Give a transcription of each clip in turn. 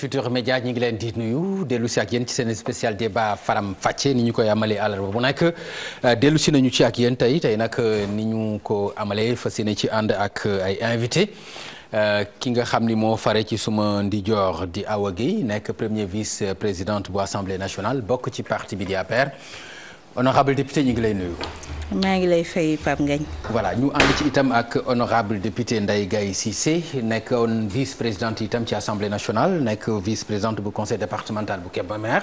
Futurs média ñi ngi leen di nuyu dellu si ak yéen ci seen spécial débat faram fàcce ni ñu koy amalee àllarba bu nekk euh, dellu nañu ci ak yéen tey tey nag euh, ni ñu ko amalee fas yéene ci ànd ak euh, ay invité ki nga xam ni moo fare ci suma ndijoor di Awa Guèye nekk premier vice présidente bu assemblée nationale bokk ci parti bi di APR honorable député ñu ngi lay nuyu. maa ngi lay fay Pape Ngagne. voilà ñu ànd ci itam ak honorable député Ndeye Gaye nekk nekkoon vice présidente itam ci assemblée nationale nekk vice présidente bu conseil départemental bu Kébémer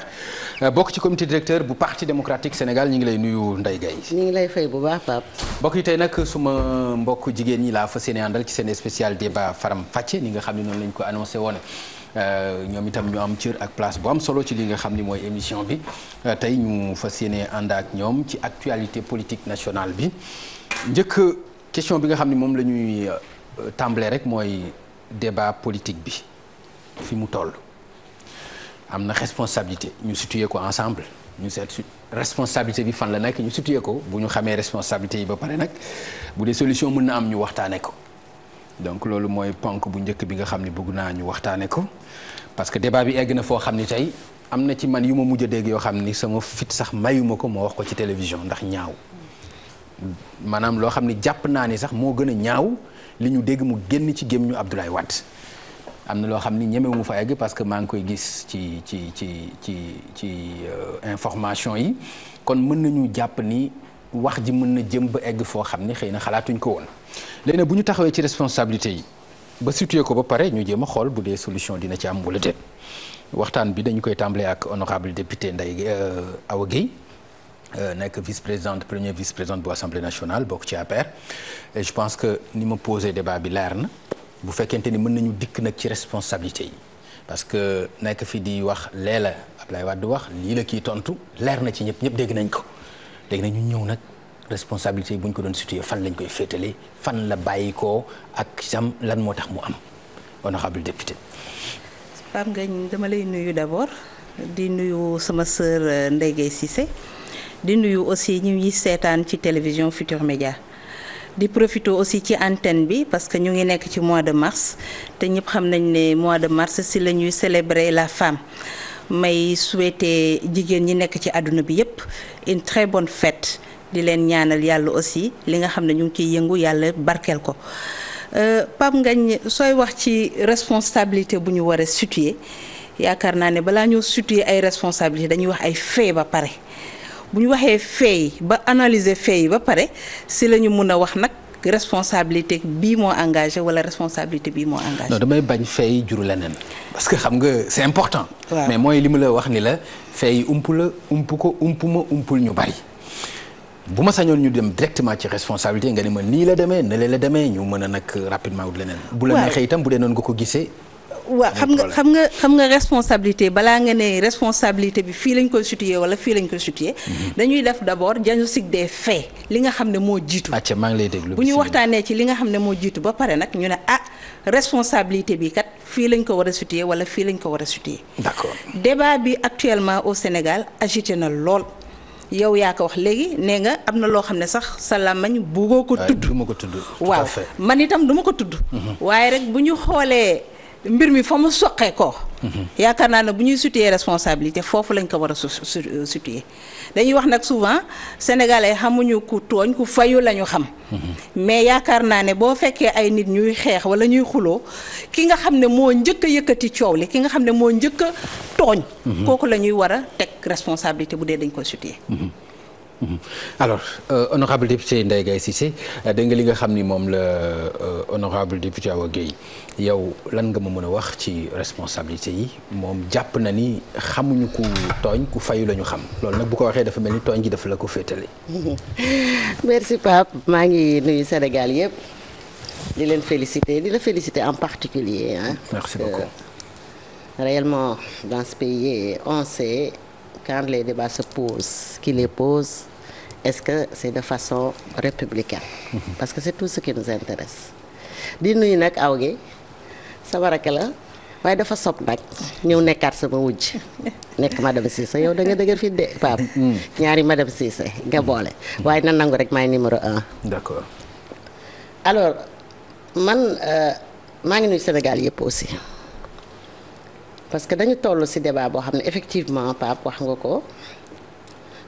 euh, bokk ci comité directeur bu parti démocratique Sénégal ñu ngi lay nuyu Ndeye Gaye. ñu ngi lay fay bu baax Pape. mbokk yi tey nag ma mbokk jigéen ñi laa fa yéene àndal ci seen spécial débat faram fàcce ni nga xam ne noonu lañ ko annoncé woon. Euh, ñoom itam ñu am cër ak place bu am solo ci li nga xam ni mooy émission bi euh, tey ñu fa yéene ànd ak ñoom ci actualité politique nationale bi njëkk question bi nga xam ni moom la ñuy euh, tàmbalee rek mooy débat politique bi fi mu toll am na responsabilité ñu situé ko ensemble ñu seet su responsabilité bi fan la nekk ñu situé ko bu ñu xamee responsabilité yi ba pare nag bu dee solution mën na am ñu waxtaane ko donc loolu mooy ponk bu njëkk bi nga xam ni bëgg naa ñu waxtaane ko parce que débat bi egg na foo xam ni tey am na ci man yu ma mujj a dégg yoo xam ni sama fit sax mayuma ko moo wax ko ci télévision ndax ñaaw maanaam loo xam ni jàpp naa ni sax moo gën a ñaaw li ñu dégg mu génn ci gémmiñu Abdoulaye Wade am na loo xam ni ñemewu fa egg parce que maa ngi koy gis ci ci ci ci ci euh, information yi kon mën nañu jàpp ni wax ji mën na jëm ba egg foo xam ni xëy na xalaatuñ ko woon léegi bu ñu taxawee ci responsabilité yi. ba situé ko ba pare ñu jéem a xool bu dee solution dina ci am wala déet waxtaan bi dañu koy tàmbalee ak honorable député Ndeye euh, Awa Guèye euh, nekk vice présidente premier vice présidente bu assemblée nationale bokk ci APR et je pense que ni ma posé débat bi leer na bu fekkente ni mën nañu dikk nag ci responsabilité yi parce que nekk fi di wax lee la Ablaye Wade wax lii la kii tontu leer na ci ñëpp ñëpp dégg nañ ko dégg nañu ñëw nag. responsabilité yi bu ñu ko doon situé fan lañ koy féetale fan la bàyyi ak sam lan moo tax mu am honorable député Pape Ngagne dama lay nuyu d'abord di nuyu sama sœur euh, Ndeye Guèye di nuyu aussi ñu ngi seetaan ci télévision Futur Média di profité aussi ci antenne bi parce que ñu ngi nekk ci mois de mars te ñëpp xam nañ ne mois de mars si la ñuy célébrer la femme may souhaiter jigéen ñi nekk ci àdduna bi yépp une très bonne fête di leen ñaanal yàlla aussi li nga xam ne ñu ngi ciy yëngu yàlla barkeel ko euh, Pape Ngagne sooy wax ci responsabilité bu ñu waree a yaakaar naa ne balaa ñoo situer ay responsabilité dañuy wax ay fait ba pare bu ñu waxee fait ba analyser fait ba pare si lañu mun a wax nag responsabilité bii moo engagé wala responsabilité bii moo engagé. non damay bañ fait yi juru leneen parce que xam nga c'est important. mais mooy li mu la wax ni la fait yi ump la ump ko ump ma umpul ñu bari. bu ma sañoon ñu dem directement ci responsabilité nga ne ma nii la demee ne la la demee ñu mën a nag rapidement wut leneen. bu la neexee itam bu dee noonu nga ko gisee. waaw xam nga xam nga xam nga responsabilité balaa nga ne responsabilité bi fii lañ koy situé wala fii lañ koy situé. Mhm. dañuy def d' abord diagnostic des faits li nga xam ne moo jiitu. acca maa ngi lay déglu bu ñu waxtaanee ci li nga xam ne moo jiitu ba pare nag ñu ne ah responsabilité bi kat fii lañ ko war a situé wala fii lañ ko war a situé. bi actuellement au Sénégal agité na lool. yow yaa ko wax léegi nee nga am na loo xam ne sax sa làmmañ buggoo ko tudd du ma ko tudd waaw man itam duma ko tudd mhm. waaye rek bu ñu xoolee mbir mi fa mu soqee ko mhm. yaakaar naa ne bu ñuy situer responsabilité foofu lañ ko war a su euh, situer dañuy wax nag souvent sénégalais xamuñu ku tooñ ku fayu la ñu xam mhm. mais yaakaar naa ne boo fekkee ay nit ñuy xeex wala ñuy xuloo ki nga xam ne moo njëkk yëkkati coow li ki nga xam ne moo njëkk a tooñ kooku la ñuy war a teg responsabilité bu dee dañ ko situé. Mhm. Mhm. alors euh, honorable député Ndeye Gaye euh, nga li nga xam ni moom la euh, honorable député Awa Gueye yow lan nga ma mën a wax ci responsabilité yi moom jàpp na ni xamuñu ku tooñ ku fayu la ñu xam loolu nag bu ko waxee dafa mel ni tooñ gi dafa la ko féetale. merci Pape maa ngi nuyu Sénégal yëpp li leen féliciter li la féliciter en particulier hein, merci beaucoup euh, dans pays on sait. quand les débats se posent, qui les posent, est-ce que c'est de façon républicaine mhm. Parce que c'est tout ce qui nous intéresse. di nuyu nag aw gi sama rakk la waaye dafa sob nag ñëw nekkaat sama wujj nekk ma madame Cissé yow da nga dëgër fi de Pape. Mm. ñaari madame Cissé nga boole mm. waaye na nangu rek maay numéro un. d'accord alors man euh, maa ngi nuyu Sénégal yëpp aussi. parce que dañu toll ci débat boo xam ne effectivement Pape wax nga ko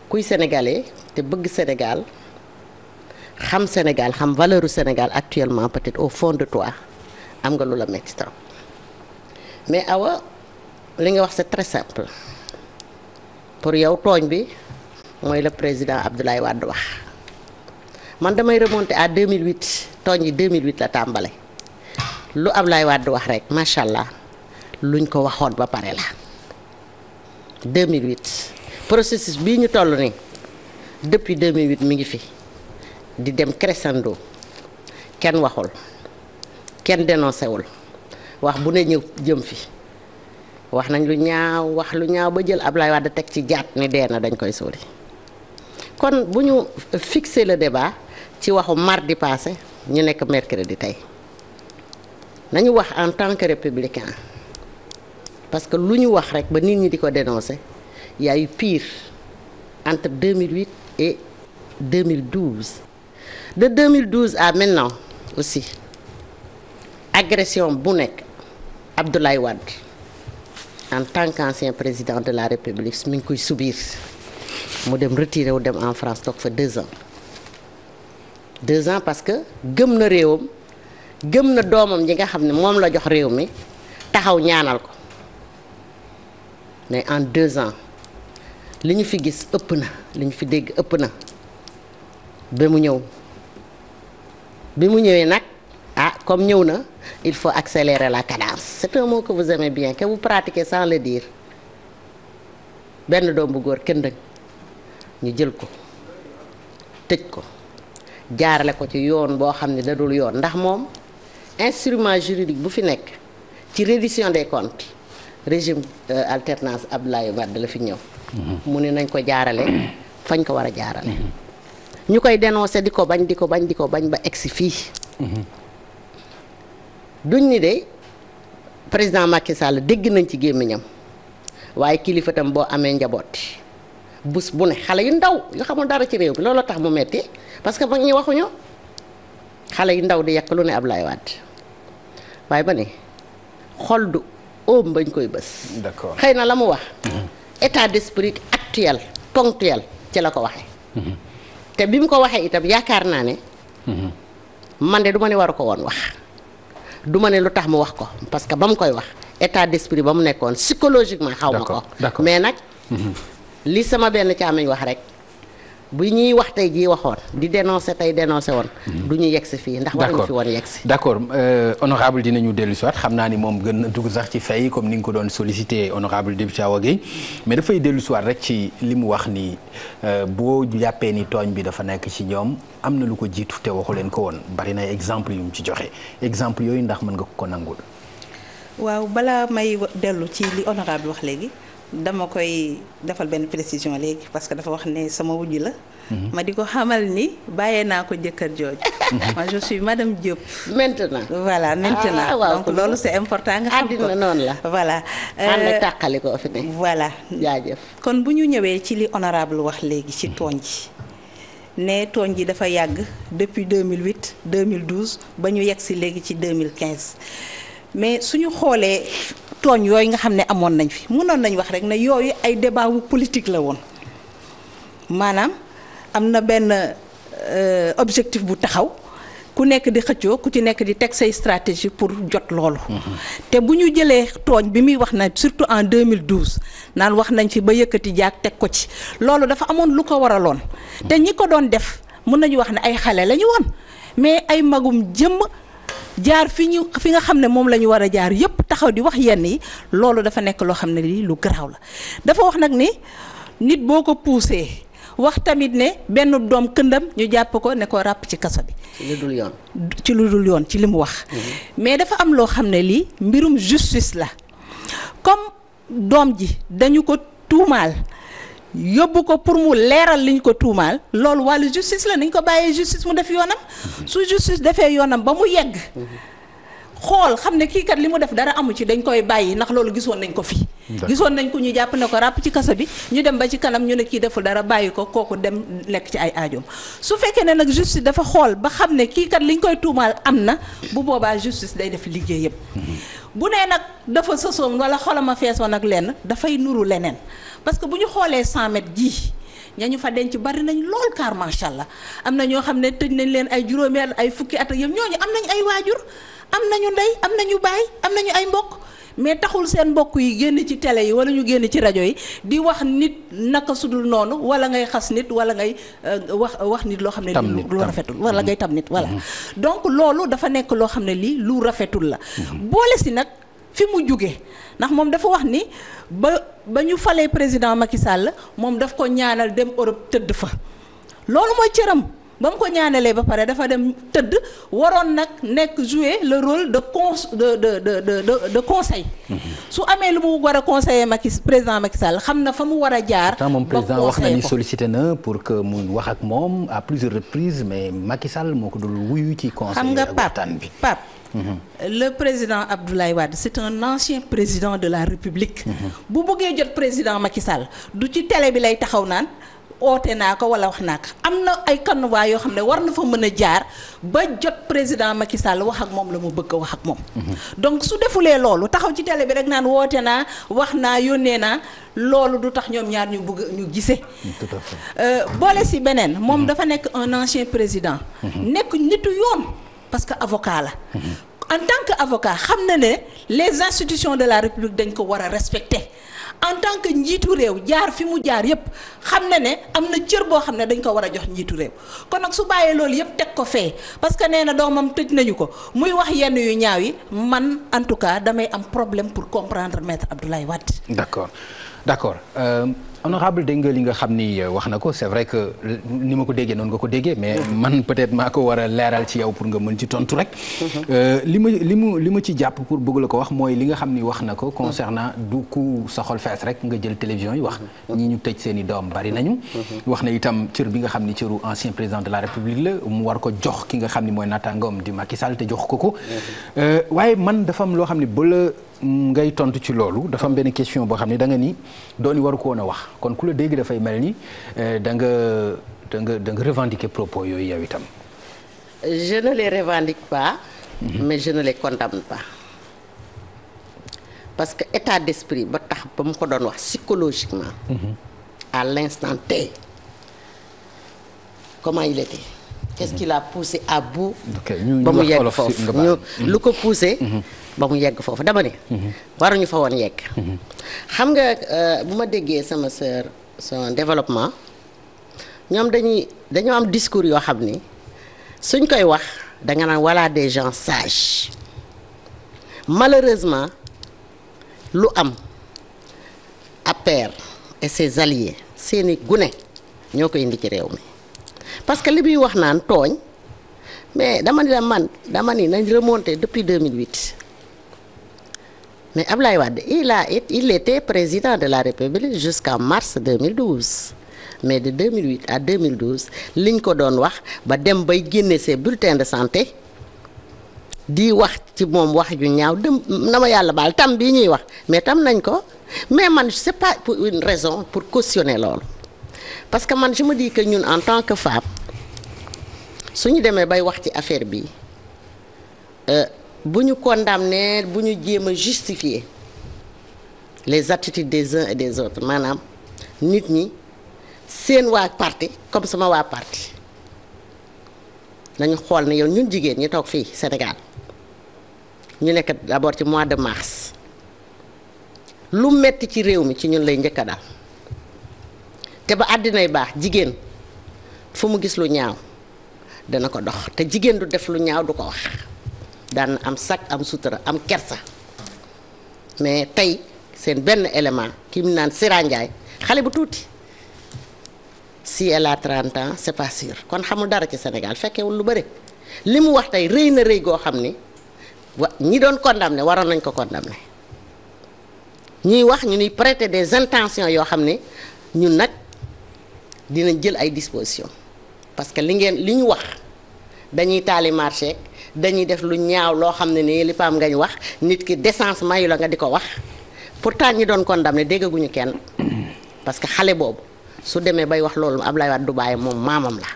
kuy sénégalais te bëgg Sénégal xam Sénégal xam valeur Sénégal actuellement peut-être au fond de toi am nga lu la metti trop mais awa li nga wax sa très simple pour yow tooñ bi mooy le président Abdoulaye Wade wax man damay remonter à 2008 tooñ yi 2008 la tàmbale lu ab Abdoulaye Wade wax rek macha allah. luñ ko waxoon ba pare la 2008 processus bii ñu toll nii depuis 2008 mu ngi fi di dem crescendo kenn waxul kenn dénoncé wul wax bu ne ñu jëm fi wax nañ lu ñaaw wax lu ñaaw ba jël Ablaye Wade teg ci jaat ni dee na dañ koy sóori kon bu ñu fixer le débat ci waxu mardi paase ñu nekk mercredi tey nañu wax en tant que républicain parce que lu ñu wax rek ba nit ñi di ko dénoncer y a eu pire entre 2008 et 2012 de 2012 à maintenant aussi agression bu nekk Abdoulaye wadd en tant qu'ancien président de la République mi ngi koy subir mu dem retiré wu dem en France toog fa deux ans deux ans parce que gëm na réewam gëm na doomam ñi nga xam ne moom la jox réew mi taxaw ñaanal ko mais en deux ans li ñu fi gis ëpp na li ñu fi dégg ëpp na ba mu ñëw bi mu ñëwee nag ah comme ñëw na il faut accélérer la cadence c'est moo ko que vous aimez bien que vous pratiquez sans le dire benn doom bu góor këndëng ñu jël ko tëj ko jaarale ko ci yoon boo xam ne da dul yoon ndax moom instrument juridique bu fi nekk ci reddition des comptes régime euh, alternance Abdoulaye Wade la fi ñëw. mu ne nañ ko jaarale fañ ko war a jaarale. ñu koy dénoncé di ko bañ di ko bañ di bañ ba egsi fii. duñ ni de président Macky Sall dégg nañ ci gémmiñam waaye kilifa tam boo amee njabooti bus bu ne xale yu ndaw yu xamul dara ci réew mi looloo tax mu metti parce que mag ñi waxuñu xale yu ndaw di yàq lu ne Abdoulaye Wade waaye ba ne xol óom bañ koy bës. d'accord xëy na la mu wax. état d'esprit actuel ponctuel ci la ko waxee. te bi mu ko waxee itam yaakaar naa ne. man de du ma ne waru ko woon wax. duma ne lu tax mu wax ko parce que ba mu koy wax état d'esprit ba mu nekkoon psychologiquement. xaw ma ko mais nag. li sama benn caamañ wax rek. bu ñuy wax tey waxoon di dénoncé tey dénoncé woon. Mhm. du ñu fii ndax waruñu fi woon yegg si. d' accord euh, honorable dinañu dellu si xam naa ni moom gën na dugg sax ci fay comme ni nga ko doon sollicité honorable député Awa Guèye mais dafay dellu si rek ci li mu wax ni euh, boo jàppee ni tooñ bi dafa nekk ci ñoom am na lu ko jiitu te waxu leen ko woon bari na exemple yu mu ci joxe exemple yooyu ndax mën nga ko nangul. waaw balaa may dellu ci li honorable dama koy defal benn précision léegi parce que dafa wax ne sama wujj la. Mhm. ma di ko xamal ni bàyyee naa ko jëkkër jooju. ma mhm. je suis madame Diop. voilà maintenant. Ah, loolu c'est important nga xam noonu la. voilà euh, tàqali ko fi ne. voilà jaajëf. kon bu ñu ñëwee ci li honorable wax léegi ci tooñ ji ne tooñ ji dafa yàgg depuis 2008 2012 ba ñu yegg si léegi ci 2015 mais suñu xoolee. tooñ yooyu nga xam ne amoon nañ fi mënoon nañ wax rek ne yooyu ay débat wu la woon maanaam am na benn euh, objectif bu taxaw ku nekk di xëccoo ku ci nekk di teg say stratégie pour jot loolu. Mm-hmm. te bu ñu jëlee tooñ bi muy wax na surtout en 2012 naan wax nañ fi ba yëkkati jaag teg ko ci loolu dafa amoon lu ko waraloon. te ñi ko doon def mun nañu wax ne ay xale la ñu woon mais ay magum jëmm. jaar fi ñu fi nga xam ne moom la ñu war a jaar yépp taxaw di wax yenn yi loolu dafa nekk loo xam ne lii lu garaaw la dafa wax nag ni nit boo ko puusee wax tamit ne benn doom këndam ñu jàpp ko ne ko ràpp ci kaso bi. ci lu dul yoon. ci lu yoon ci li mu wax. Mm-hmm. mais dafa am loo xam ne lii mbirum justice la comme doom ji dañu ko tuumaal. yóbbu ko pour mu leeral liñ ko tuumaal loolu wàllu justice la nañ ko bàyyee justice mu def yoonam su justice defee yoonam ba mu yegg xool xam ne kii kat li mu def dara amu ci dañ koy bàyyi ndax loolu gisoon nañ ko fii gisoon nañ ko ñu jàpp ne ko ràpp ci kasa bi ñu dem ba ci kanam ñu ne kii deful dara bàyyi ko kooku dem lekk ci ay aajoom su fekkee ne nag justice dafa xool ba xam ne kii kat ñu koy tuumaal am na bu boobaa justice day def liggéeyam mm-hmm. bu nee nag dafa sësoon wala xolama feesoon ak lenn dafay nuru leneen parce que bu ñu xoolee 100 mètres jii ñañu fa denc bari nañ lool kaar macha am na ñoo xam ne tëj nañ leen ay juróomi ay fukki at ak yëpp ñooñu am nañ ay waajur am na ñu ndey am ñu baay am nañu ay mbokk mais taxul seen mbokk yi génn ci télé yi wala ñu génn ci rajo yi di wax nit naka sudul noonu wala ngay xas nit wala ngay euh, wax wax nit loo xam ne lii lu rafetul wala ngay tam nit voilà mm-hmm. donc loolu dafa nekk loo xam ne lii lu rafetul la mm-hmm. boole si nag fi mu jugee ndax moom dafa wax ni ba ba ñu falee président Macky Sall moom daf ko ñaanal dem Europe tëdd fa loolu mooy cëram ba mu ko ñaanalee ba pare dafa dem tëdd waroon nag nekk jouer le rôle de con de de de de de conseil. Mhm. su amee lu mu war a conseiller Macky président Macky Sall xam na fa mu war a jaar. ba moom président wax na ni sollicité na pour que mu wax ak moom à plusieurs reprises mais Macky Sall moo ko dul wuyu ci conseil ak waxtaan bi xam nga Pape mhm. le président Abdoulaye Wade c'est un ancien président de la République. Mhm. bu bëggee jot président Macky Sall du ci télé bi lay taxaw naan. woote naa ko wala wax naa ko am na ay kanuwaa yoo xam ne war na fa mën a jaar ba jot président Macky Sall wax ak moom la mu bëgg a wax ak moom. Mhm. donc su defulee loolu taxaw ci tele bi rek naan woote naa wax naa yónnee naa loolu du tax ñoom ñaar ñu bëgg ñu gisee. Mm, tout à euh, boole si beneen moom mhm. dafa nekk un ancien président. Mhm. nekk nitu yoon parce que avocat la. en tant que avocat xam na ne les institutions de la république dañ ko war a respecter. en tant que njiitu réew jaar fi mu jaar yépp xam na ne am na cër boo xam ne dañ ko war a jox njiitu réew kon nag su bàyyee loolu yépp teg ko fee parce que nee na doomam tëj nañu ko muy wax yenn yu ñaaw yi man en tout cas damay am problème pour comprendre maître Abdoulaye Wade. d'accord d'accord. Euh... honorable dégg nga li nga xam ni euh, wax na ko c'est vrai que ni ma ko déggee noon nga ko déggee mais man peut-être maa ko war a ci yow pour nga mën ci tontu rek euh, li ma li mu li ma ci jàpp pour bëgg la ko wax mooy li nga xam ni wax na ko concernant du ku soxol fees rek nga jël télévision yi wax ñi ñu tëj seen i doom bari nañu wax na itam cër bi nga xam ni cëru ancien président de la république la mu war ko jox ki nga xam ni mooy naataangoom di Macky Sall te jox ko ko euh, ngay tontu ci loolu dafa am benn question boo xam ne danga ni doon waru ko woon a wax kon ku la dégg dafay mel ni eh, da nga da nga da nga revendiquer propos yooyu yow itam. je ne les revendique pas. Mhm. mais je ne condamne pas. parce que état d'esprit ba tax ba mu ko doon wax psychologiquement. Mhm. à l'instant T. comment il était. qu'est-ce mhm. qui l'a poussé à ba mu yegg foofu lu ko poussé. ba mu yegg foofu dama ne. Mhm. waruñu fa woon yegg. Mhm. xam nga euh, bu ma déggee sama sœur son développement ñoom dañuy dañoo am discours yoo xam ni suñ koy wax da nga naan voilà des gens sage malheureusement lu am APR et ses alliés seeni gune ñoo ko indi ci réew mi parce que li muy wax naan tooñ mais dama ni la man dama ni nañ remonté depuis 2008. mais Ablaye Wade il a il était président de la République jusqu'en mars 2012 mais de 2008 à 2012 li ñu ko doon wax ba dem bay génne ses bulletins de santé di wax ci moom wax ju ñaaw dem na ma yàlla baal tam bii ñuy wax mais tam nañ ko mais man c'est pas pour une raison pour cautionner loolu parce que man si ma dis que ñun en tant que femme suñu demee bay wax ci affaire bi. Euh, bu ñu ne bu ñu jéem a justifier les attitudes des uns et des autres maanaam nit ñi seen waa parti comme sama waa parti nañu xool ni yow ñun jigéen ñi toog fii Sénégal ñu nekk d'abord ci mois de mars lu metti ci réew mi ci ñun lay njëkk a daal te ba àddinay baax jigéen fu mu gis lu ñaaw dana ko dox te jigéen du def lu ñaaw du ko wax. daan na am sac am sutura am kersa mais tey seen benn élément ki mu naan Sira Ndiaye xale bu tuuti si elle a 30 ans c'est pas kon xamul dara ci Sénégal fekkewul lu bëri li mu wax tey rëy na rëy goo xam ni wa ñi doon ne waroon nañ ko condamné ñuy wax ñu nuy prêter des intentions yoo xam ne ñun nag dinañ jël ay dispositions parce que li ngeen li ñu wax dañuy taali marché. dañuy def lu ñaaw loo xam ne nii li Pape wax nit ki décence mayu la nga di ko wax pourtant ñi doon kon dam ne déggaguñu kenn parce que xale boobu su demee bay wax loolu Ablaye Wade du bàyyi moom maamam la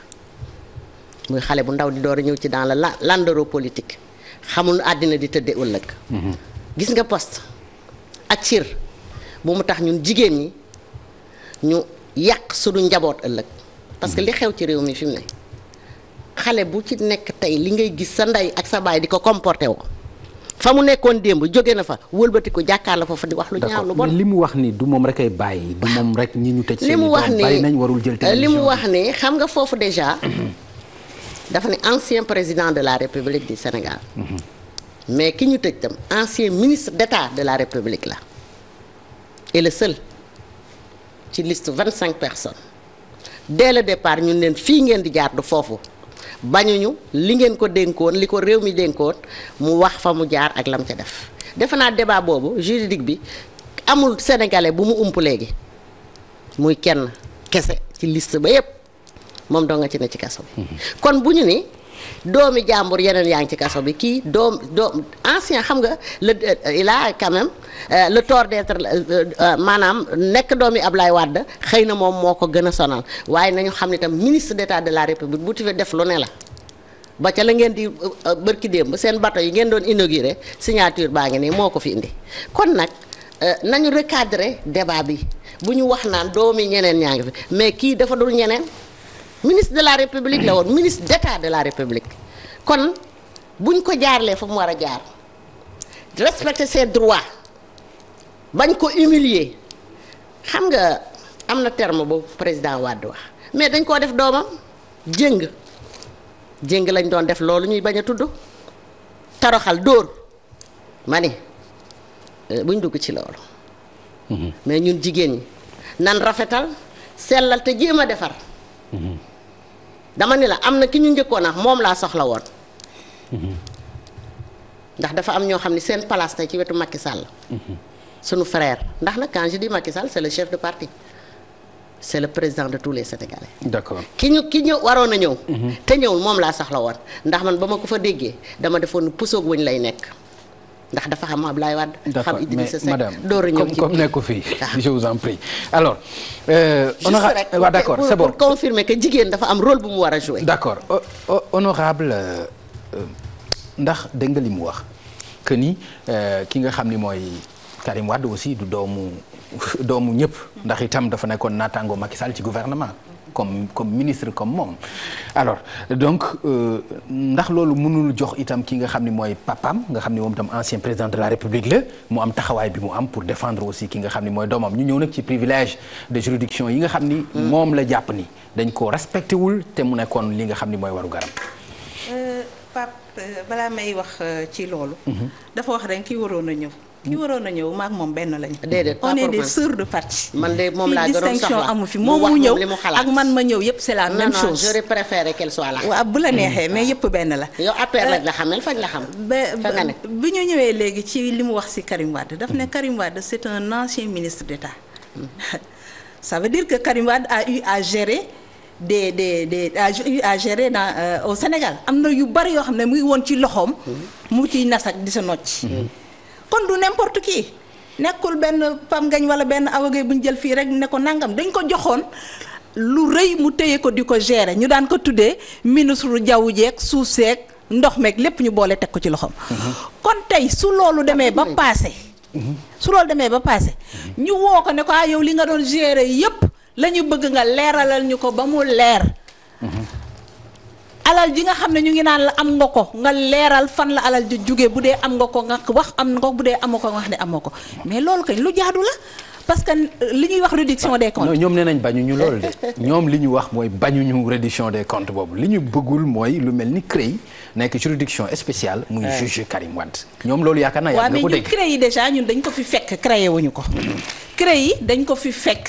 muy xale bu ndaw di door a ñëw ci dans la landero politique xamul àddina di tëdde ëllëg mhm. gis nga poste ak cir bu mu tax ñun jigéen ñi ñu yàq su suñu njaboot ëllëg parce que mhm. li xew ci réew mi fi mu ne xale bu ci nekk tey li ngay gis sa ndey ak sa baay di ko comporté woo fa mu nekkoon démb jóge na fa wëlbati ko jàkkaar la foofu di wax lu ñaaw lu bon li mu wax ni du moom rek ay bàyyi du moom rek ñi ñu tëj li mu wax ni nañ warul jël li mu wax ni xam nga foofu déjà dafa ne ancien président de la république du Sénégal mhm. mais ki ñu tëj tam ancien ministre d'état de la république la et le seul ci liste vingt cinq personnes de le départ ñun leen fii ngeen di jaar du foofu bañuñu li ngeen ko dénkoon li ko réew mi dénkoon mu wax fa mu jaar ak lam ca def defe naa débat boobu juridique bi amul sénégalais bu mu ump léegi muy kenn kese ci list ba yépp moom doo nga ci ne ci kaso bi mm-hmm. kon bu ñu ni doomi jàmbur yeneen yaa ngi ci kaso bi kii doom doom ancien xam nga le euh, il a quand même euh, le tort d'être euh, maanaam nekk doomi Ablaye wàdd xëy na moom moo ko gën a sonal waaye nañu xam ni tam ministre d'état de la république bu ti def lu ne la ba ca la ngeen di bërki démb seen bato yi ngeen doon inauguré signature baa ngi nii moo ko fi indi kon nag nañu recadrer débat bi bu ñu wax naan doomi ñeneen ñaa ngi fi mais kii dafa dul ñeneen ministre de la république la woon ministre d'état de la république kon buñ ko jaarlee fa mu war a jaar respecter ses droits bañ ko humilier xam nga am na terme bu président Wade wax mais dañ koo def doomam jéng jéng lañ doon def loolu ñuy bañ a tudd toroxal dóor ma ni euh, buñ dugg ci loolu mm-hmm. mais ñun jigéen ñi nan rafetal sellal te jéem a defar mm-hmm. dama ni la am na ki ñu njëkkoon ax moom laa soxla woon ndax dafa am ñoo xam ni seen place tey ci wetu Macky Sall sunu frère ndax na quand di dis Macky Sall c'est le chef de parti c'est le président de tous les Sénégalais. d'accord ki ñu ki ñëw waroon a ñëw. Mhm. te ñëwul moom laa soxla woon ndax man ba ma ko fa déggee dama defoon pusoog wëñ lay nekk. ndax dafa xam Abdoulaye Wade. xam Idrissa Seck door a ñëw ci comme nekku fii ah. je vous en prie. alors euh, honorable rek waaw euh, d'accord c'est bon jigéen dafa am rôle bu mu war a jouer. d'accord honorable euh, euh, ndax dégg nga li mu wax que ni ki nga xam ni mooy Karim Wade aussi du doomu doomu ñëpp ndax itam dafa nekkoon naataango Macky Sall ci gouvernement. comme comme ministre comme moom alors donc euh, ndax loolu mënul jox itam ki nga xam ni mooy papam nga xam ni moom itam ancien président de la république la mu am taxawaay bi mu am pour défendre aussi ki nga xam ni mooy doomam ñu ñëw nag ci privilège de juridiction yi nga xam ni hmm. moom la jàpp ni dañ ko respecté wul te mu nekkoon li nga xam ni mooy waru garam euh, Pape euh, balaa may wax ci loolu dafa wax rekk ki waroon a ñëw ki waroon a ñëw maak moom benn lañu. déedéet on est des sœurs de parti. man de moom laa gënoon soxla distinction amu fi moom mu ñëw ak man ma ñëw yëpp c'est la même chose. non non j'aurais bu la mm. neexee mais yëpp benn la. yow affaire lañ euh, la fañ la xam. ba bi ñu ñëwee léegi ci li mu wax ci Karim Wade daf ne Karim Wade c'est un ancien ministre d'État. Mm. ça veut dire que Karim Wade a eu à gérer. des des des à gérer dans euh, am na yu bari yoo xam ne mu ngi woon ci loxoom. Mm. mu ci nas ak di sa nocc. kon du n'importe kii nekkul benn pam ngañ wala benn awagay bu ñu jël fii rek ne ko nangam dañ ko joxoon lu rëy mu téye ko di ko gérer ñu daan ko tuddee ministre jaww jeeg suuf seeg ndox meeg lépp ñu boole teg ko ci loxoom. kon tey su loolu demee ba paase. su loolu demee ba paase. ñu woo ko ne ko ah yow li nga doon gérer yépp la ñu bëgg nga leeralal ñu ko ba mu leer. alal ji nga xam ne ñu ngi naan la am nga ko nga leeral fan la alal ji jóge bu dee am nga ko nga wax am nga ko bu dee amoo ko nga wax ne amoo ko mais loolu kay lu jaadu la parce que li ñuy wax réduction des comptes. non ñoom nee nañ bañuñu loolu de ñoom li ñu wax mooy bañuñu réduction des comptes boobu li ñu bëggul mooy lu mel ni CREI nekk juridiction spéciale. muy juge Karim Wade. ñoom loolu yaakaar naa yaa ngi ko dégg waaw mais ñun CREI déjà ñun dañ ko fi fekk créé wuñu ko. Mm. CREI dañ ko fi fekk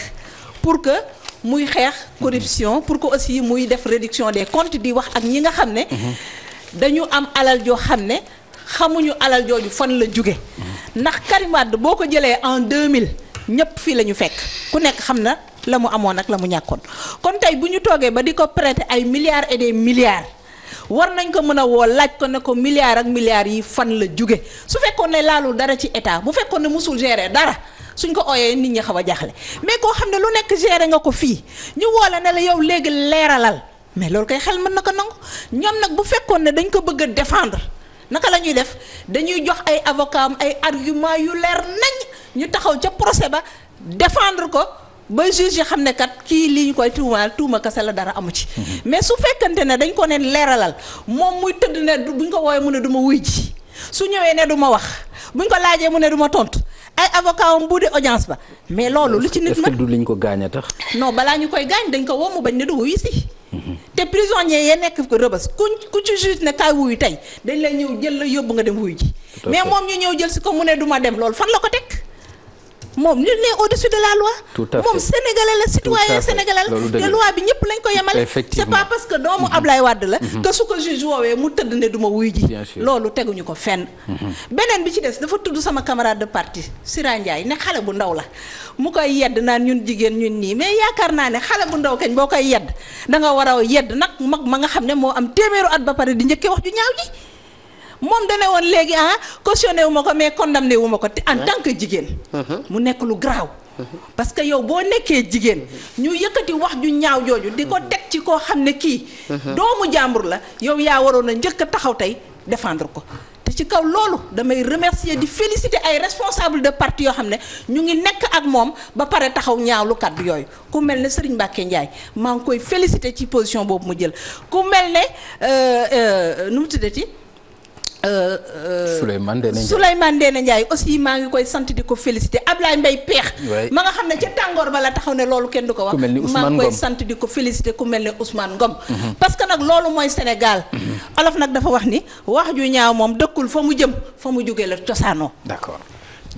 pour que. muy xeex corruption pour que aussi muy def réduction des comptes di wax ak ñi nga xam ne dañu am alal joo xam ne xamuñu alal jooju fan la jóge ndax Karim Wade boo ko jëlee en mille ñëpp fii la ñu fekk ku nekk xam na la mu amoon ak la mu ñàkkoon kon tey bu ñu toogee ba di ko prêter ay milliards et des milliards war nañ ko mën a woo laaj ko ne ko milliards ak milliards yi fan la juge su fekkoon ne laalul dara ci état bu fekkoon ne mosul gérer dara suñ ko ooyee nit ñi xaw a jaaxle mais koo xam ne lu nekk géré nga ko fii ñu woola ne la yow léegi leeralal mais loolu koy xel mën na ko nangu ñoom nag bu fekkoon ne dañ ko bëgg a naka la ñuy def dañuy jox ay avocat ay argument yu leer nañ ñu taxaw ca procès ba défendre ko ba juge xam ne kat kii lii ñu koy tuumaal tuuma kase la dara amu ci. Mhm. mais su fekkante ne dañ ko nen leeralal moom muy tëdd ne buñ ko woowee mu ne du ma wuy ji su ñëwee ne du ma wax buñ ko laajee mu ne du ma tontu. ay avocat am bu de audience ba mais loolu lu ci nit ma du liñ ko gaañ a tax no balaa ñu koy gaañ dañ ko woo mu bañ ne du wuyu si te prisonnier ya nekk ko rëbës kuñ ku ci juge ne kaay wuyu tey dañ lay ñëw jël la yóbbu nga dem wuyu ji mais moom ñu ñëw jël si ko mu ne duma dem loolu fan la ko teg moom nul n'est au-dessus de la loi. tout à fait moom sénégalais la citoyen sénégalais la te loi bi ñëpp lañ ko yemale. effectivement c'est pas parce que doomu mm-hmm. Ablaye Wade la. Mm-hmm. que su ko juge woowee mu tëdd ne du ma wuy ji. loolu teguñu ko fenn. Mm-hmm. beneen bi ci des dafa tudd sama camarade de parti Sira Ndiaye ne xale bu ndaw la mu koy yedd naan ñun jigéen ñun nii mais yaakaar naa ne xale bu ndaw kañ boo koy yedd da nga war a yedd nag mag ma nga xam ne moo am téeméeru at ba pare di njëkkee wax ju ñaaw moom dane woon léegi ah cautionné wu ma ko mais condamné wu ma ko en tant que jigéen uh-huh. mu nekk lu garaaw parce que yow boo nekkee jigéen ñu yëkkati wax ju ñaaw jooju di ko teg ci koo xam ne kii uh-huh. doomu jàmbur la yow yaa waroon a njëkk a taxaw tey defendre ko te ci kaw loolu damay remercier di féliciter ay responsable de parti yoo xam ne ñu ngi nekk ak moom ba pare taxaw ñaawlu kàddu yooyu ku mel ne Serigne Mbacké Ndiaye maa ngi koy félicité ci position boobu mu jël ku mel ne euh, euh, nu mu tuddati Euh, euh, Souleymane Ndéné Ndiaye Souleymane Ndéné Ndiaye aussi maa ngi koy sant di ko féliciter Ablaye Mbaye Peex. ma nga xam ne ca tàngoor ba la taxaw ne loolu kenn du ko wax. maa ngi koy sant di ko féliciter ku mel ni Ousmane Ngom. Mhm. parce que nag loolu mooy Sénégal. Mhm. olof nag dafa wax ni wax ju ñaaw moom dëkkul fa mu jëm fa mu jógee la cosaanoo. d'accord.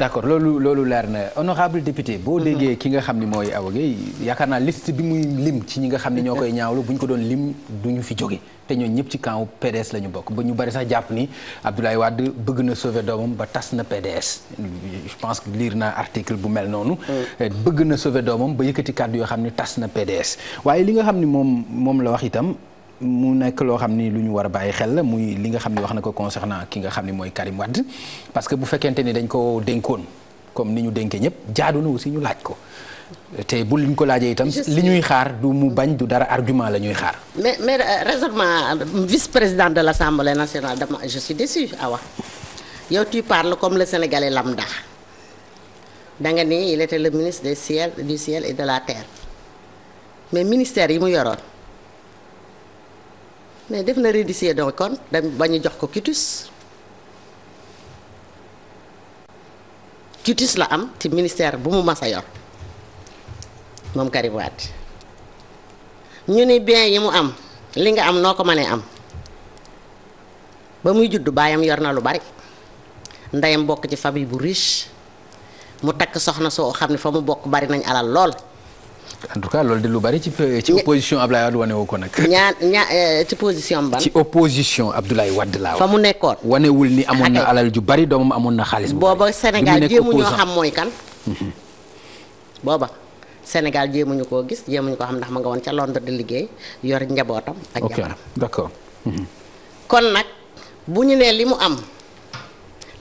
d'accord loolu loolu leer na honorable député boo déggee ki nga xam ni mooy aw Gueye yaakaar naa list bi muy lim ci ñi nga xam ni ñoo koy ñaawlu bu ñu ko doon lim du ñu fi jóge te ñoo ñëpp ci camp PDS la ñu bokk ba ñu bari sax jàpp ni Abdoulaye Wade bëgg na sauver doomam ba tas na PDS je pense que lire naa article bu mel noonu mm. bëgg na sauver doomam ba yëkkati kàddu yoo xam ni tas na PDS waaye li nga xam ni moom moom la wax itam mu nekk loo xam ni lu ñu war a bàyyi xel la muy li nga xam ni wax na ko concernant ki nga xam ni mooy Karim Wade parce que bu fekkente ni dañ ko dénkoon comme ni ñu dénkee ñëpp jaadu na aussi ñu laaj ko te bu liñ ko laajee itam li ñuy xaar du mu bañ du dara argument la ñuy xaar. mais mais euh, raisonnement vice président de l' assemblée nationale dama je suis déçu Awa yow tu parles comme le sénégalais lambda da nga ni il le ministre des ciel du ciel et de la terre mais ministère yi mu yoroon. mais def na reddition de comptes dem ba ñu jox ko quitus quitus la am ci ministère bu mu mas a yor moom Karim Wade ñu ni bien yi mu am li nga am noo ko mënee am ba muy judd baayam yor na lu bari ndeyam bokk ci famille bu riche mu takk soxna soo xam ne fa mu bokk bari nañ alal lool en tout cas loolu de lu bari ci ci opposition Abdoulaye Wade wane woo ko nag. ñaar ñaar eh, ci position ban. ci opposition Abdoulaye Wade laa. fa mu nekkoon wanewul ni amoon na alal ju bari doomam amoon na xaalis. bu bari booba Sénégal jéemu ñoo xam mooy kan. Mhm. booba Sénégal jéemuñu koo gis jéemuñu ko xam ndax ma nga woon ca Londres di liggéey yor njabootam. ak jabaram ok d'accord. Mhm. kon nag bu ñu nee li mu am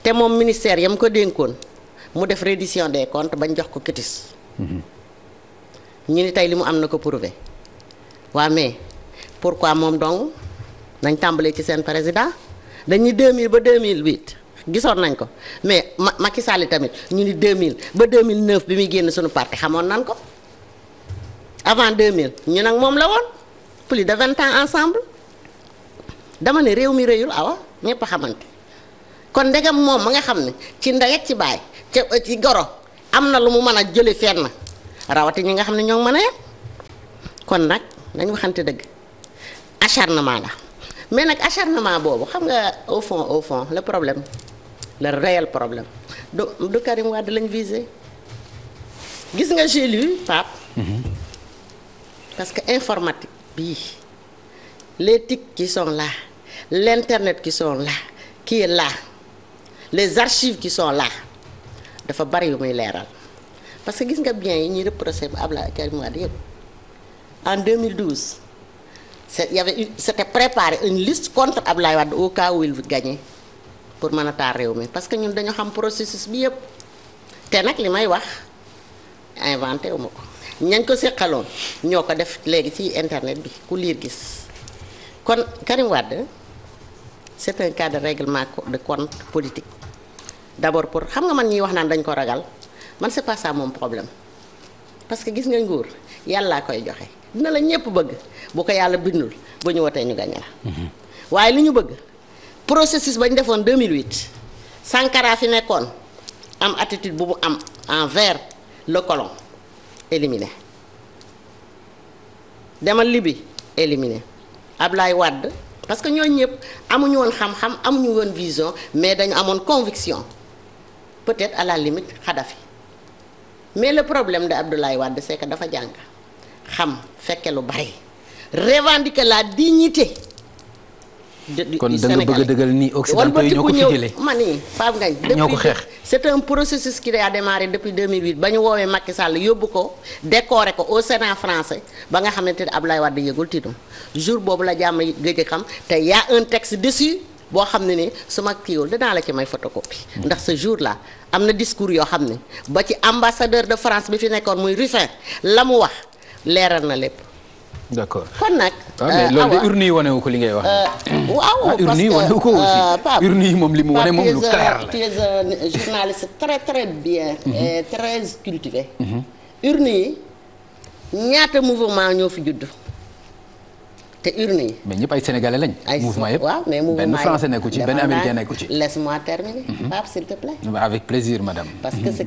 te moom ministère yam ko dénkoon mu def reddition des comptes bañ jox ko kitis. Mhm. ñu ni tey li mu am na ko prouvé waa mais pourquoi moom dong dañ tàmbalee ci seen président dañuy 2000 ba 2008 gisoon nañ ko mais ma Macky Sall tamit ñu ni 2000 ba 2009 bi muy génn suñu parti xamoon nañ ko avant 2000 ñu nag moom la woon plus de 20 ans ensemble dama ne réew mi réyul awa ñëpp a xamante kon ndegam moom ma nga xam ne ci ndey ak ci baay ca ci goro am na lu mu mën a jële fenn rawati ñi nga xam ne ñoo mën kon nag dañ waxante dëgg acharnement la mais nag acharnement boobu xam nga au fond au fond le problème le réel problème du du Karim Wade lañu visé gis nga j'ai lu Pape parce que informatique bii les TIC qui sont là l'internet qui sont là qui est là les archives ki sont là dafa bari yu muy leeral parce que gis nga bien yi ñuy reproché Abdoulaye Karim Wade yëpp en 2012 c' y' avait c' était préparé une liste contre Abdoulaye Wade pour mën a taal réew mi parce que ñun dañoo xam processus bi yëpp te nag li may wax inventé wu ma ko ñañ ko séqaloon ñoo ko def léegi ci internet bi ku liir gis kon Karim Wade c' est un cas de règlement de compte politique d' abord pour xam nga man ñuy wax naan dañ ko ragal. man c'est pas ça mon problème parce que gis nga nguur yàllaa koy joxe dina la ñëpp bëgg bu ko yàlla bindul bu ñu wootee ñu gañe la mm-hmm. waaye li ñu bëgg processus ba ñu defoon 2008 Sankara fi nekkoon am attitude bu mu am envers le colon éliminé demal libi éliminé Ablaye wàdd parce que ñooñu ñëpp amuñu woon xam-xam ñu woon vision mais dañu amoon conviction peut-être à la limite Kadhafi mais le problème de Abdoulaye Wade c'est que dafa jàng xam fekke lu bari revendiquer la dignité. de du kon da nga bëgg a dëggal ni Occidentaux yi ñoo ko fi jëlee ma ni Pape Ngagne ñoo ko xeex c'est un processus qui a démarré depuis 2008 ba ñu woowee Macky Sall yóbbu ko décoré ko au Sénat français ba nga xamante ne Abdoulaye Wade yëgul tiitum jour boobu la jàmm gëj xam te y a un texte dessus boo xam ne ne sama kiiwul danaa la ci may photocopie ndax ce jour là am na discours yoo xam ne ba ci ambassadeur de France bi fi nekkoon muy Ruffin la mu wax leeral na lépp d' accord kon nag. ah de euh, urne yi wane wu ko li ngay wax. Euh, waaw ah, parce euh, yi moom li mu wane moom lu clair la. tu très très bien. Mhm. et très mhm. yi ñaata mouvement ñoo fi judd. te urne yi. mais ñëpp ay sénégalais lañ. ay mouvement yëpp waaw mais mouvement yi benn français nekku ci benn américain nekku ci. laisse-moi terminer. Mhm. Pape s'il te plaît. avec plaisir madame. parce que mhm.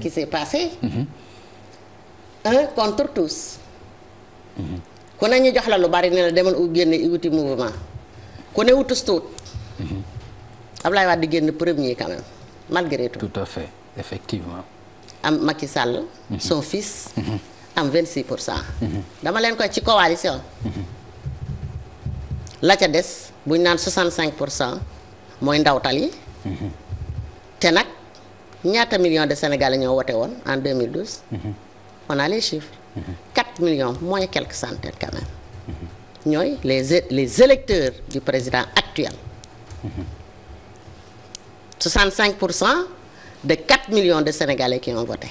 ku ne ñu jox la lu bari ne la demal génn génne wuti mouvement ku ne wutus tuut. Mhm. Ablaye Wade di génn premier quand même malgré tout. tout fait effectivement. am Macky sàll son fils. am 26 pour cent. dama leen koy ci coalition. la ca des bu buñ naan 65 pour cent mooy ndawtal yi. te nag ñaata million de Sénégalais ñoo wote woon en 2012. on a les chiffres. 4 millions moins quelques centaines quand ñooy les les électeurs du président actuel. cinq pour cent de quatre millions de Sénégalais qui ont voté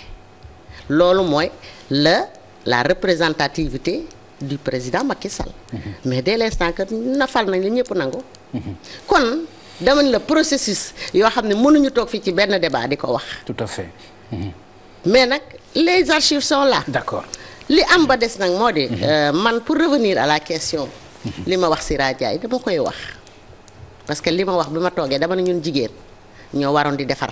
loolu mooy la la représentativité. di président Macky sal mais dès l'instant que nafal nañ la ñëpp nangu. kon dama ne la processus yoo xam ne mënuñu toog fii ci benn débat di ko wax. tout mais nag les archives sont là. d'accord li am ba des nag moo di. Euh, man pour revenir à la question. li ma wax Sira Ndiaye dama koy wax. parce que li ma wax bi ma toogee dama ne ñun jigéen ñoo waroon di defar.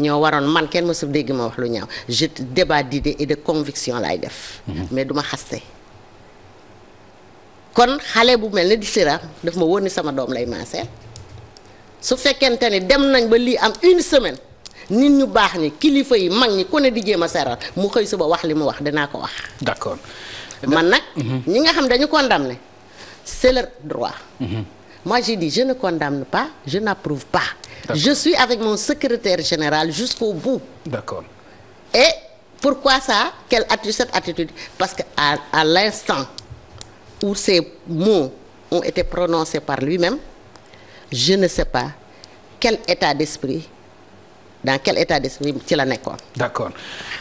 ñoo waroon man kenn mësul dégg ma wax lu ñaaw je débat d'idées et de conviction laay def. Mhm. mais du ma xaste kon xale bu mel ne di Sira daf ma wóor ni sama doom lay maaseel su fekkente ni dem nañ ba lii am une semaine nit ñu baax ni kilifa yi mag ñi ku ne di jéem a seral mu xëy suba wax li mu wax dinaa ko wax. d'accord man nag. Mhm. ñi nga xam dañu condamné c'est leur droit. Mhm. moi j'ai dit je ne condamne pas je n'approuve pas. je suis avec mon secrétaire général jusqu'au bout. d'accord et pourquoi ça quel attitude cette attitude parce que à à l'instant où ces mots ont été prononcés par lui-même, je ne sais pas quel état d'esprit, dans quel état d'esprit ci la nekkoon. d'accord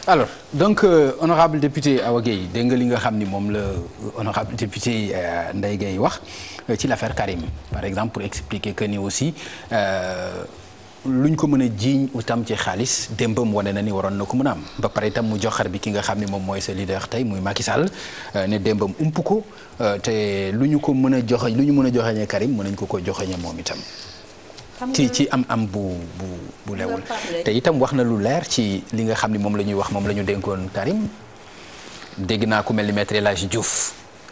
alors donc euh, honorable député Awa Gueye dégg nga li nga xam ni moom la euh, honorable député euh, Ndeye Gueye wax euh, ci l'affaire Karim par exemple pour expliquer que ni aussi. Euh, luñ ko mën a jiiñ itam ci xaalis démbam wane na ni waroon na ko mën a am ba pare itam mu joxar bi ki nga xam ne moom mooy sa leader tey muy Macky Sall euh, ne démbam ump ko Euh, te lu ñu ko mën a joxañ lu ñu mën a joxañee Karim mën nañ ko ko joxañee moom itam ci ci am am bu bu bu lewul te itam wax na lu leer ci li nga xam ni moom la ñuy wax moom lañu dénkoon Karim dégg naa ku mel ni maître El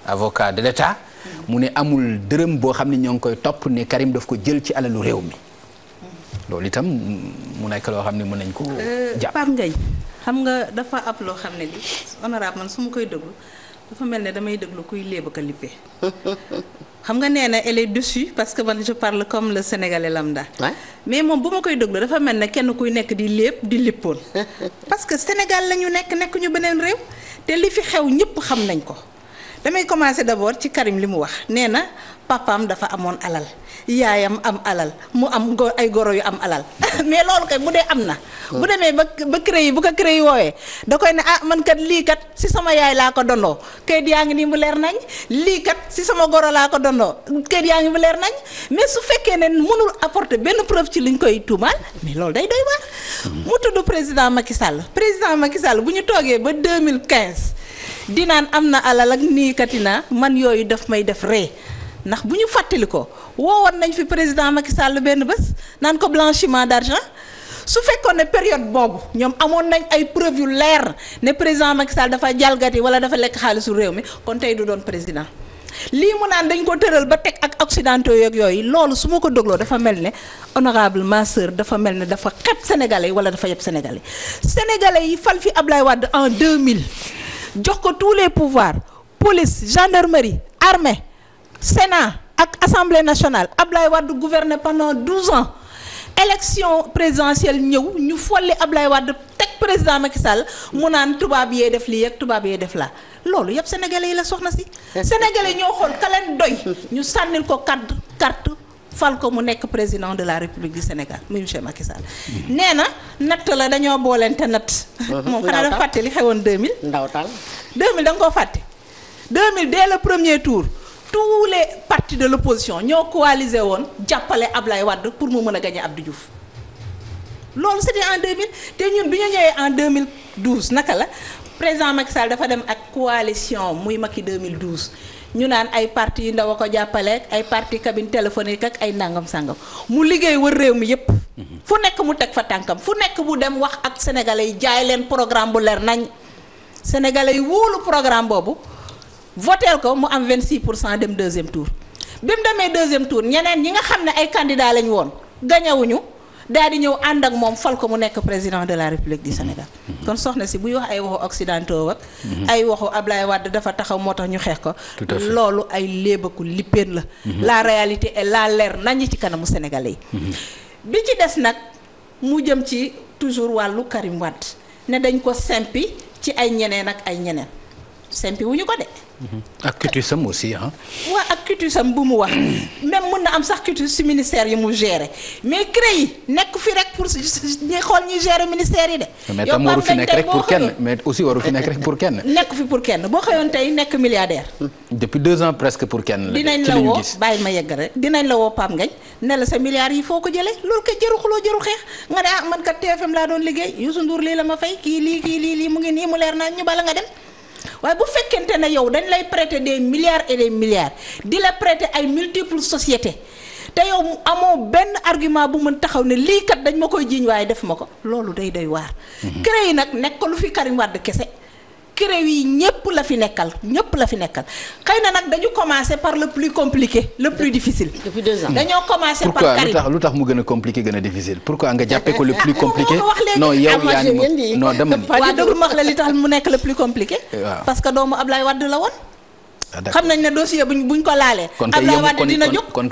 avocat de l'État mu ne amul dërëm boo xam ne ñoo ngi koy topp ne Karim daf ko jël ci alalu réew loolu itam mu nekk loo xam ne mën nañ ko euh, jàpp Pape xam nga dafa ab loo xam ne li honorable man su ma koy déglu dafa mel ne damay déglu kuy léeb ak a lippe xam nga nee na elle est dessus parce que man je parle comme le sénégalais lambda. mais moom bu ma koy déglu dafa mel ne kenn kuy nekk di léeb di lippoon. parce que Sénégal la ñu nekk nekk ñu beneen réew te li fi xew ñëpp xam nañ ko damay commencer d'abord ci Karim li mu wax nee na. papaam dafa amoon alal yaayam am alal mu am go ay goro yu am alal mais loolu kay bu dee am na. bu demee ba ba crée yi bu ko crée yi woowee da koy ne ah man kat lii kat si sama yaay laa ko dondoo kayit yaa ngi nii mu leer nañ lii kat si sama goro laa ko dondoo kayit yaa ngi mu leer nañ mais su fekkee ne mënul apporter benn preuve ci li liñ koy tuumaal mais loolu day doy waar. mu tudd président Macky Sall président Macky Sall bu ñu toogee ba 2015 dinaan am na alal ak nii katina man yooyu daf may def ree ndax bu ñu fàttali ko woowoon nañ fi président Macky Sall benn bés naan ko blanchiment d'argent su fekkoon ne période boobu ñoom amoon nañ ay preuve ne président Macky Sall dafa jalgati wala dafa lekk xaalisu réew mi kon tey du doon président lii mu naan dañ ko tëral ba teg ak occidentaux yeeg yooyu loolu su ma ko dégloo dafa mel ne honorable ma dafa mel ne dafa xeeb sénégalais yi wala dafa yeb sénégalais sénégalais yi fal fi Ablaye Wade en 2000 jox ko tous les pouvoirs police gendarmerie Sénat ak assemblée nationale Ablaye Wade gouverné pendant douze ans élection présidentielle ñëw ñu folli Ablaye Wade teg président Macky Sall mu naan tubaab yee def li ak tubaab yee def laa loolu yëpp sénégalais yi la soxna si. sénégalais ñoo xool ka leen doy. ñu sànnil ko carte kart fal ko mu nekk président de la république du Sénégal muy monsieur Macky Sall. Mm-hmm. nee na natt la dañoo boolente natt. Mm-hmm. moom xanaa dafa fàtte li xewoon 2000. ndaw taal 2000 da nga koo fàtte. 2000 dès le premier tour. tous les partis de l'opposition ñoo coalisé woon jàppale Ablaye Wade pour mu mën a ab Abdou Diouf loolu c'était en 2000 te ñun bi ñu ñëwee en 2012 naka la président Macky Sall dafa dem ak coalition muy Macky 2012 ñu naan ay parti yu ndaw a ko jàppale ay parti cabine téléphonique ak ay nangam sangam mu liggéey wër réew mi yépp fu nekk mu teg fa tànkam fu nekk mu dem wax ak sénégalais yi jaay leen programme bu leer nañ sénégalais yi wóolu programme boobu voteel ko mu am 26 pour cent dem deuxième tour bi mu demee deuxième tour ñeneen ñi nga xam ne ay candidat lañ woon gañawuñu daal di ñëw ànd ak moom fal ko mu nekk président de la république di Sénégal mhm. kon soxna si buy wax ay waxu occidentaux ak mhm. ay waxu Ablaye Wade dafa taxaw moo tax ñu xeex ko loolu ay léebaku lippéen la mhm. la réalité et la leer nañu ci kanamu sénégalais yi bi ci des nag mu jëm ci toujours wàllu Karim Wade ne dañ ko simpi ci ay ñeneen ak ay ñeneen sempi wuñu ko de. Mm-hmm. ak cutisam aussi ah. waa ak cutisam bu mu wax même mun na am sax cutis si ministère yi mu gérer mais CREI yi nekk fi rek pour ñi xool ñuy gérer ministère yi de. yow tam waru fi nekk rek pour kenn mais aussi kenn. nekk fi pour kenn boo xëyoon tey nekk milliardaire. depuis deux pour kenn. dinañ la woo bàyyi ma yegg rek dinañ la woo Pape Ngagne ne la sa milliards yi foo ko jëlee loolu kat jëru xuloo jëru xeex nga ne ah man kat TFM laa doon liggéey Youssou Ndour lii la ma fay kii lii kii lii lii mu ngi nii mu leer naa ñu bala nga dem. waaye bu fekkente ne yow dañ lay prêter des milliards et des milliards di la prêter ay multiples sociétés te yow amoo benn argument bu mën taxaw ne lii kat dañ ma koy jiiñ waaye def ma ko loolu day doy waar. Mhm. CREI nag nekk lu fi Karim Wade kese. créw yi ñépp la fi nekkal ñépp la fi nekkal xëy na nag dañu commencé par le plus compliqué le plus difficile. depuis deux ans dañoo commencé. par Karim pourquoi lu tax mu gën a compliqué gën a difficile pourquoi nga jàppee ko le plus compliqué. non yow ah, yaa ni dama ni. waaw déglu ma li tax mu nekk le plus compliqué. parce que doomu Ablaye Wade la woon. Ah, xam nañ ne dossier buñ buñ ko laalee. Abdoulaye Wade dina jóg kon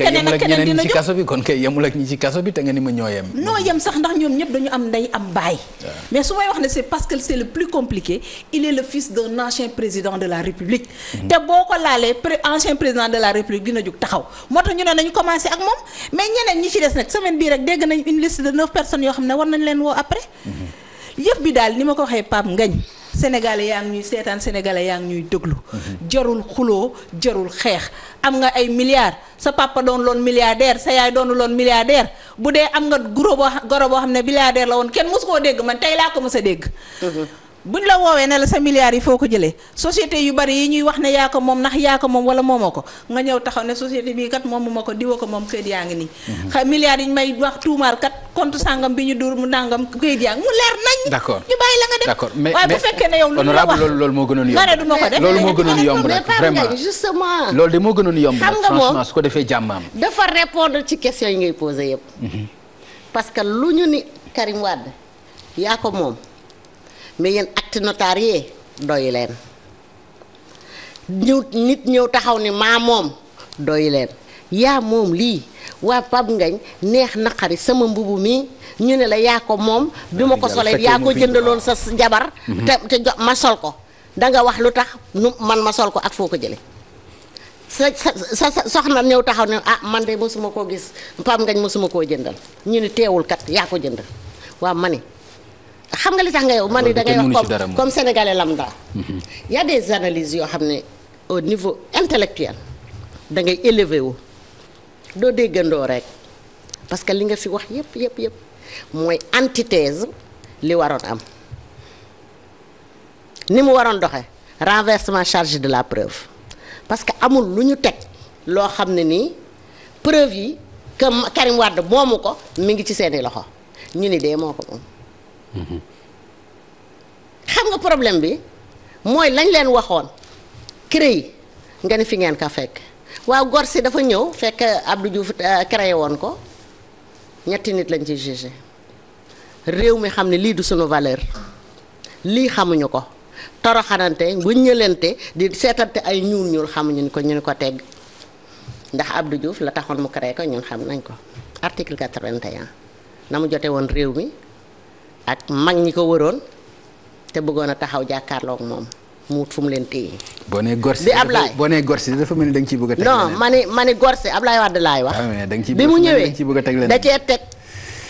kay yemul ak ñi ci kaso bi te nga ni ma ñoo yem. noo yem sax ndax ñoom ñëpp dañu am ndey am baay. Ah. mais su may wax ne c'est parce que c'est le plus compliqué il est le fils d'un ancien président de la République. Mhm. te boo ko laalee ancien président de la République dina jóg taxaw moo tax ñu ne nañu commencé ak moom mais ñeneen ñi ci des nag semaine bii rek dégg nañ une neuf personnes yoo xam mhm. ni ma waxee Pape sénégal yaa ngi ñuy seetaan sénégalais yaa ngi ñuy déglu. jarul xuloo jarul xeex am nga ay milliards sa papa doon loon milliardaire sa yaay doonu loon milliardaire bu dee am nga guro boo goro boo xam ne milliardaire la woon kenn mos koo dégg man tey laa ko mos a dégg. buñ la woowee ne la sa milliards yi foo ko jëlee société yu bari yi ñuy wax ne yaa ko moom ndax yaa ko moom wala moomoo ko nga ñëw taxaw ne société bii kat moom mu ma ko diwa ko moom këyit yaa ngi nii. Mhm. xa milliards yi ñu may wax tuumaal kat compte sangam bi ñu dur mu nangam këyit yaa ngi mu leer nañ. d'accord ñu bàyyi la nga dem. d'accord mais waaye bu fekkee ne yow. lu la wax loolu moo gënoon yomb. nga ne du ma ko def loolu moo gënoon yomb nag vraiment justement. loolu de moo gënoon yomb nag franchement su ko defee jàmmaam. dafa répondre ci question yi ngay posé yëpp. Mhm. parce que lu ñu ni Karim Wade yaa ko moom mais yéen acte notaire yi ñëw nit ñëw taxaw ni maa moom doyleen leen yaa moom lii waa Pape Ngagne neex naqari sama mbubu mi ñu ne la yaa ko moom bi ma ko solee yaa ko jëndaloon sa jabar mhm. te te jo ma sol ko danga wax lu tax nu man ma sol ko ak foo ko jële sa sa sa soxna ñëw taxaw ne ah man de mosuma koo gis Pape Ngagne mosuma koo jëndal ñu ne teewul kat yaa ko jëndal waa ma ne xam nga li tax nga yow man da ngay wax comme comme sénégalais lambda. Mhm. y analyses yoo xam ne au niveau intellectuel da ngay élevé wu doo déggandoo rek parce que li nga fi wax yëpp yépp yëpp mooy antithèse li waroon am ni mu waroon doxe renversement charge de la preuve parce que amul lu ñu teg loo xam ne nii preuve yi que Karim wàdd moomu ko mu ngi ci seeni loxo ñu ni dee moo ko moom xam nga problème bi mooy lañ leen waxoon CREI nga ni fi ngeen ka fekk waa gor si dafa ñëw fekk Abdou Diouf euh, créé woon ko ñetti nit lañ ci jugé réew mi xam ne lii du suñu valeur lii xamuñu ko toroxanante ñëlante di seetante ay ñuul ñuul xamuñu ni ko ñu ni ko teg ndax Abdou juuf la taxoon mu créé ko ñun xam nañ ko article 81 na mu jote woon réew mi ak mag ñi ko wëroon te bëggoon a taxaw jàkkaarlook moom mu wut fu mu leen téye. boo nee gorsi bi Ablaye boo nee gorsi dafa mel ni da ciy bëgg a ma ne ma ne gorsi Ablaye Wade laay wax. Ah, bi mu ñëwee da cee teg.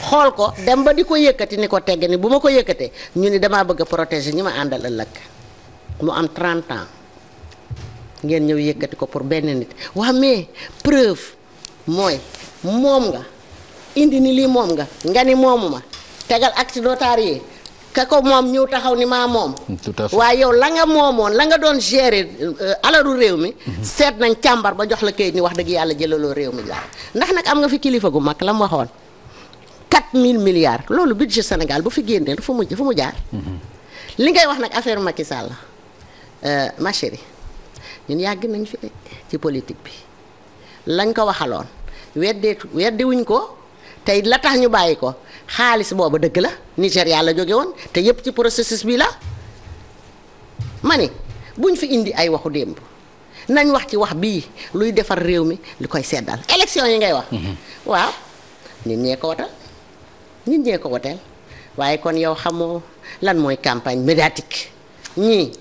xool ko dem ba di ko yëkkati ni ko tegg ni bu ma ko yëkkatee ñu ni damaa bëgg a protéger ñi ma àndal ëllëg mu am 30 ans ngeen ñëw yëkkati ko pour benn nit waa mais preuve mooy moom nga indi ni lii moom nga nga ni moomu ma tegal acte notarié ka ko moom ñëw taxaw ni maa moom. waaye yow la nga moomoon la nga doon gérer euh, alalu réew mi. seet nañ càmbar ba jox la kayit ni wax dëgg yàlla jëlaloo réew mi laa ndax nag am nga fi kilifa gu mag la mu waxoon 4000 milliards loolu budget senegal bu fi génnee fu mu fu mu jaar. Mhm. li ngay wax nag affaire Macky Sall la euh, ma chérie ñun yàgg nañ fi ci politique bi lañ ko waxaloon weddee weddiwuñ ko tey la tax ñu bàyyi ko. xaalis boobu dëgg la Nigéria la jóge woon te yépp ci processus bi la ma ne buñ fi indi ay waxu démb nañ wax ci wax bii luy defar réew mi li koy seddal élection yi ngay wax mhm. waaw nit ñee ko wotal nit ñee ko woteel waaye kon yow xamoo lan mooy campagne médiatique ñii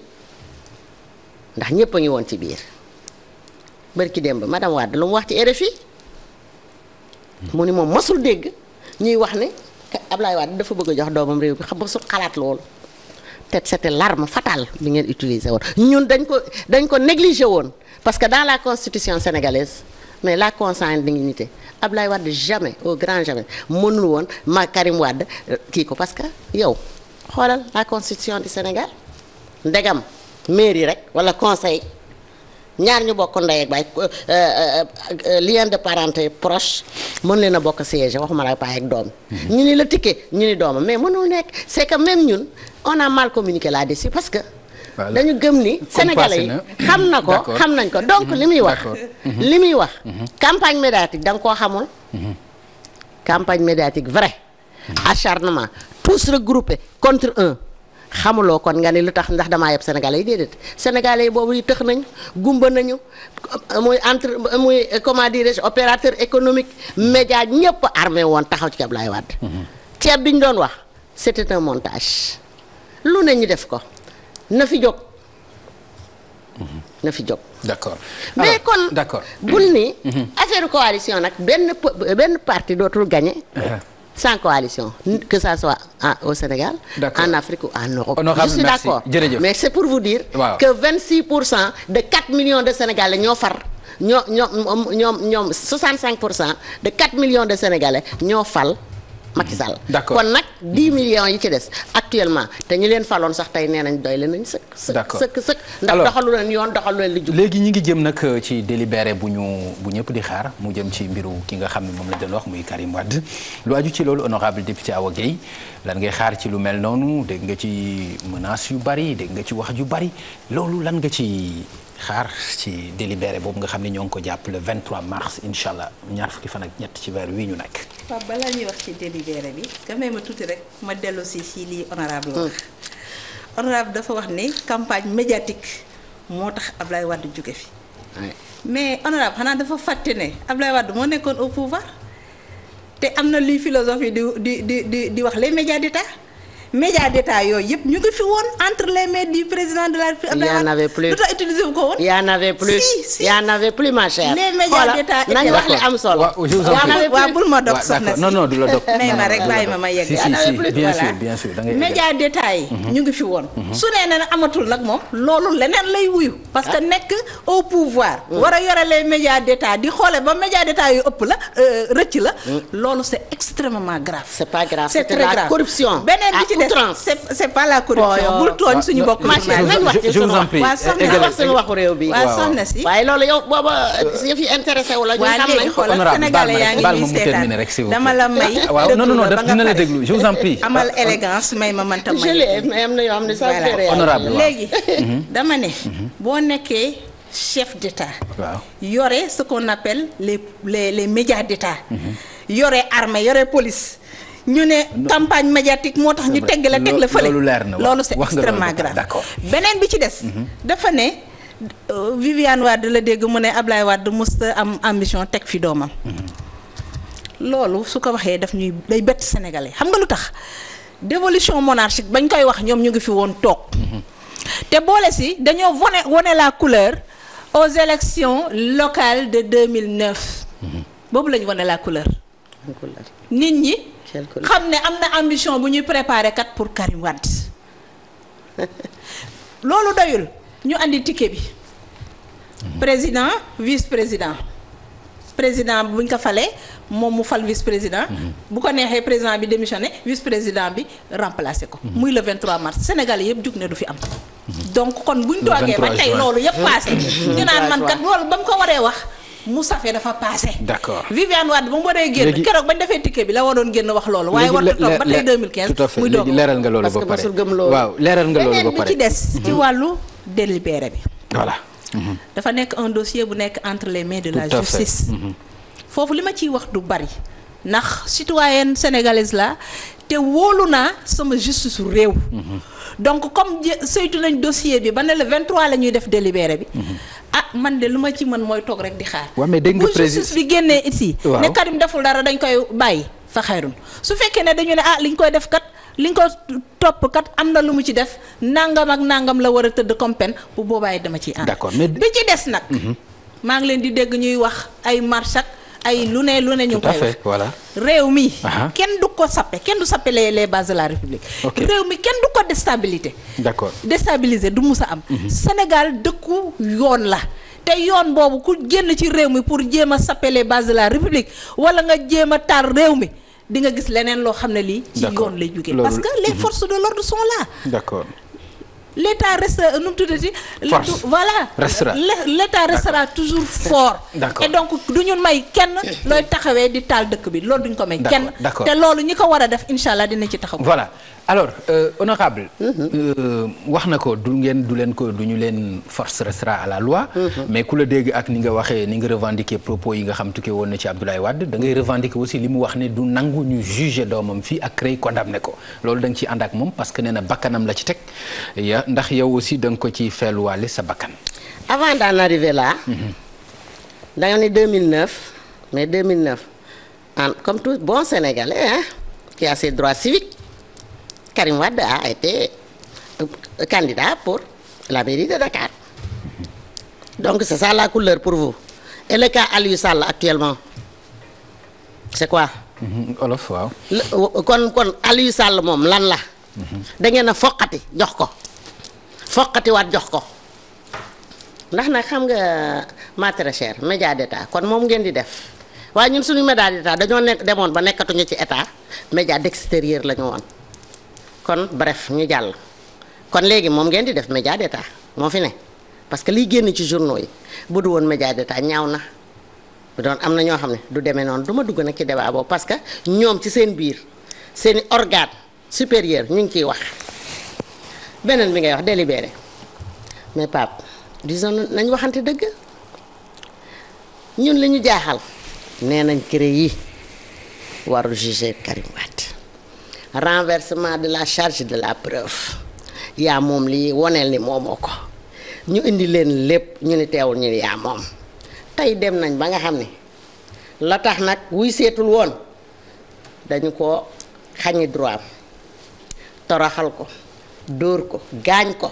ndax ñëpp a woon ci biir bërki démb madame Wade lu mu wax ci RFI mhm. mu ni moom masul dégg ñuy wax ne ab Ablaye Wade dafa bëgg jox doomam réew bi xam nga su xalaat loolu te c'était l'arme fatale bi ngeen utiliser woon ñun dañ ko dañ ko négligé woon parce que dans la constitution sénégalaise mais la consanguinité Ablaye Wade jamais o grand jamais mënul woon ma Karim Wade euh, kii ko parce que yow xoolal la constitution du Sénégal ndegam mairie rek wala conseil ñaar ñu bokk ndey ak baay euh, euh, euh, lien de parenté proche mën leen a bokk siège waxuma la baay ak doom mhm. ñu ni la tikkee ñu ni doomam mais mënul nekk c'est que même ñun on a mal communiqué là-dessus parce que dañu gëm ni sénégalais yi xam na ko xam nañ ko donc mhm. li muy wax mhm. li muy wax campagne médiatique danga nga koo xamul campagne médiatique vrai acharnement tous regroupés contre un xamuloo kon nga ne lu tax ndax damaa yeb sénégalais yi déedéet sénégalais yi boobu yi tëx nañu gumba nañu muy entre muy comment dirais-je opérateur économique média ñëpp armé woon taxaw ci Abdoulaye Wade mhm. ceeb bi doon wax c'était un montage lu ne ñu def ko na fi jóg mhm. na fi jóg d'accord mais kon d'accord bul ni mhm. affaire coalition nag benn benn parti dootul gagné uh-huh. sans coalition hmm. que ça soit au Sénégal. en Afrique ou en Europe. je mais c'est pour vous dire. que 26 pour cent de 4 de Sénégalais ñoo far. ñoo ñoom ñoom ñoom 65 pour cent de 4 millions de Sénégalais ñoo fal. Macky Sall. d'accord kon nag 10 millions yi ci des actuellement te ñi leen faloon sax tey nee nañ doy leen nañ sëkk. sëkk sëkk ndax doxalu leen yoon doxalu leen li jub. léegi ñi ngi jëm nag euh, ci délibéré bu ñu bu ñëpp di xaar mu jëm ci mbiru ki nga xam ne moom la doon wax muy Karim Wade lu aju ci loolu honorable député Awa Gueye lan ngay xaar ci lu mel noonu dégg nga ci menaces yu bari dégg nga ci wax ju bari loolu lan nga ci xaar ci délibéré boobu nga xam ne ñoo ngi ko jàpp le 23 mars incha allah ñaar fukki fan ak ñett ci weer wi ñu nekk. Pape balaa ñuy wax ci délibéré bi nga ma tuuti rek ma dellu si si lii honorable wax hmm. honorable dafa wax ni campagne médiatique moo tax Ablaye Wade jóge fi. mais honorable xanaa dafa fàtte ne Ablaye Wade moo nekkoon au pouvoir te am na luy philosophie di di di di wax les médias d'État média d'état yooyu yëpp ñu ngi fi woon entre les mains du président de la République. Abdoulaye Wade y en avait plus lu tax utilisé wu ko woon. li am mhm. na amatul nag moom loolu leneen lay wuyu. parce que ah. nekk au pouvoir. Mhm. war a yore les médias d'état di xoole ba médias d'état yu ëpp la euh, rëcc la. Mhm. loolu c'est extrêmement grave. c'est pas grave c'est très grave corruption beneen bi ah, ci outrance c'est pas la corruption oh. bul tooñ suñu bokk nañ wax ci suñu wax waa soxna suñu waxu réew bi waa soxna si waaye loolu yow booba euh, yëf yi intéressé wu la ñu xam nañ xool sénégalais yaa ngi ñuy seetaan dama la may ah, waaw non non non dina la déglu je vous en prie amal élégance may ma manta may am na yoo xam ne sax honorable léegi mhm. dama ne mhm. boo nekkee chef d'état yore ce qu'on appelle les les les médias d'état mhm. yore armée yore police ñu ne campagne médiatique moo tax ñu tegg la teg la fële loolu leer na loolu c'est extrêmement grave d'accord beneen bi ci des mhm. dafa ne euh, Viviane Wade la dégg mu ne Ablaye Wade musta am ambition teg fi doomam mhm. loolu su ko waxee daf ñuy day bett sénégalais xam nga lu tax dévolution monarchique bañ koy wax ñoom ñu ngi fi woon toog mhm. te boole si dañoo wone wone la couleur aux élections locale de 2009 boobu lañu wone la couleur nit ñi xam ne am na ambition bu ñuy préparer kat pour Karim Wade loolu doyul ñu indi ticket bi président vice président président buñ ko falee moom mu fal vice président. Mhm. bu ko neexee président bi démissionné vice président bi remplacé ko. Mhm. muy le 23 mars Sénégal yëpp jug ne du fi am. Mhm. donc kon bu ñu ba tey loolu yëpp paase. ñu naan man kat loolu ba mu ko waree wax. mu safee dafa passé. d'accord Viviane Wade ba mu waree génn. léegi keroog bañ defee ticket bi la waroon génn wax loolu. waaye warut a toog ba tey 2015. tout à fait léegi leeral nga loolu ba pare parce que gëm loolu. ba bi ci des. ci hmm. hmm. dafa nekk un dossier bu nekk entre les mains de la justice. Hmm. foofu li ma ciy wax du bari ndax citoyenne sénégalaise la te wóolu naa sama justice réew. donc comme saytu nañ dossier bi ba ne le 23 la ñuy def délibéré bi. ah man de lu ma ci mën mooy toog rek di xaar. waaw mais dégg nga président bu justice bi génnee ici. waaw ne Karim deful dara dañ koy bàyyi fa xayrun su fekkee ne dañu ne ah liñ koy def kat. li nga ko topp kat am na lu mu ci def nangam ak nangam la war a tëdd comme pen bu boobaay dama ciy ànd. d'accord mais bi ci des nag. Mhm. maa ngi leen di dégg ñuy wax ay marche ay lu ne lu ne ñu koy wax réew mi kenn du ko sappe kenn du sappe les les bases de la république réew mi kenn du ko déstabilité d'accord déstabiliser du mus a am mhm. Sénégal dëkku yoon la te yoon boobu ku génn ci réew mi pour jéem a sappe les bases de la république wala nga jéem a tar réew mi di nga gis leneen loo xam ne lii ci yoon lay jógee parce que les mhm. forces de l'ordre sont là l'état restera euh, nu mu tuddati voilà l'état restera toujours fort et donc du ñu may kenn eh, looy taxawee di taal dëkk bi loolu duñ ko may kenn te loolu ñi ko war a def incha allah dina ci taxaw voilà alors euh, honorable mhm. euh, wax na ko du ngeen du leen ko du ñu leen force restera à la loi mhm. mais ku la dégg ak ni nga waxee ni nga revendiquer propos yi nga xam tukkee woon na ci Abdoulaye Wade da ngay revendiquer aussi li mu wax ni du nangu ñu juger doomam fii ak CREI condamné ko loolu da nga ciy ànd ak moom parce que nee na bakkanam la ci teg ndax yow aussi danga ko ci feeluwaale sa bakkan avant d'en arriver là mhm. da nga ne mais 2009 en comme tout bon sénégalais hein a ses droits civiques Karim Wade a été euh, candidat pour la mairie de Dakar donc c'est ça couleur pour vous et le yu Aliou Sall actuellement c'est quoi. Mm-hmm. olof euh, kon kon yu sàll moom lan la. Mm-hmm. dangeen ngeen foqati jox ko. foqati waat jox ko ndax nag xam nga ma très chère média d'état kon moom ngeen di def waaye ñun suñu média d'état dañoo nekk demoon ba nekkatuñu ci état média d'extérieur la ñu woon. kon bref ñu jàll kon léegi moom ngeen di def média d'état moo fi ne parce que liy génn ci journaux yi bu du woon média d'état ñaaw na bu doon am na ñoo xam ne du demee noonu du ma dugg nag ci débat boobu que ñoom ci seen biir seeni organe supérieur ñu ngi ciy wax beneen bi ngay wax délibéré mais Pape disons nañ waxante dëgg ñun li ñu jaaxal nee nañ CREI yi warul juger Karim renversement de la charge de la preuve yaa moom lii woneel ni moomoo ko ñu indi leen lépp ñu ni teewul ñu ni yaa moom tey dem nañ ba nga xam ni la tax nag wuy seetul woon dañu ko xañi droit toroxal ko dóor ko gaañ ko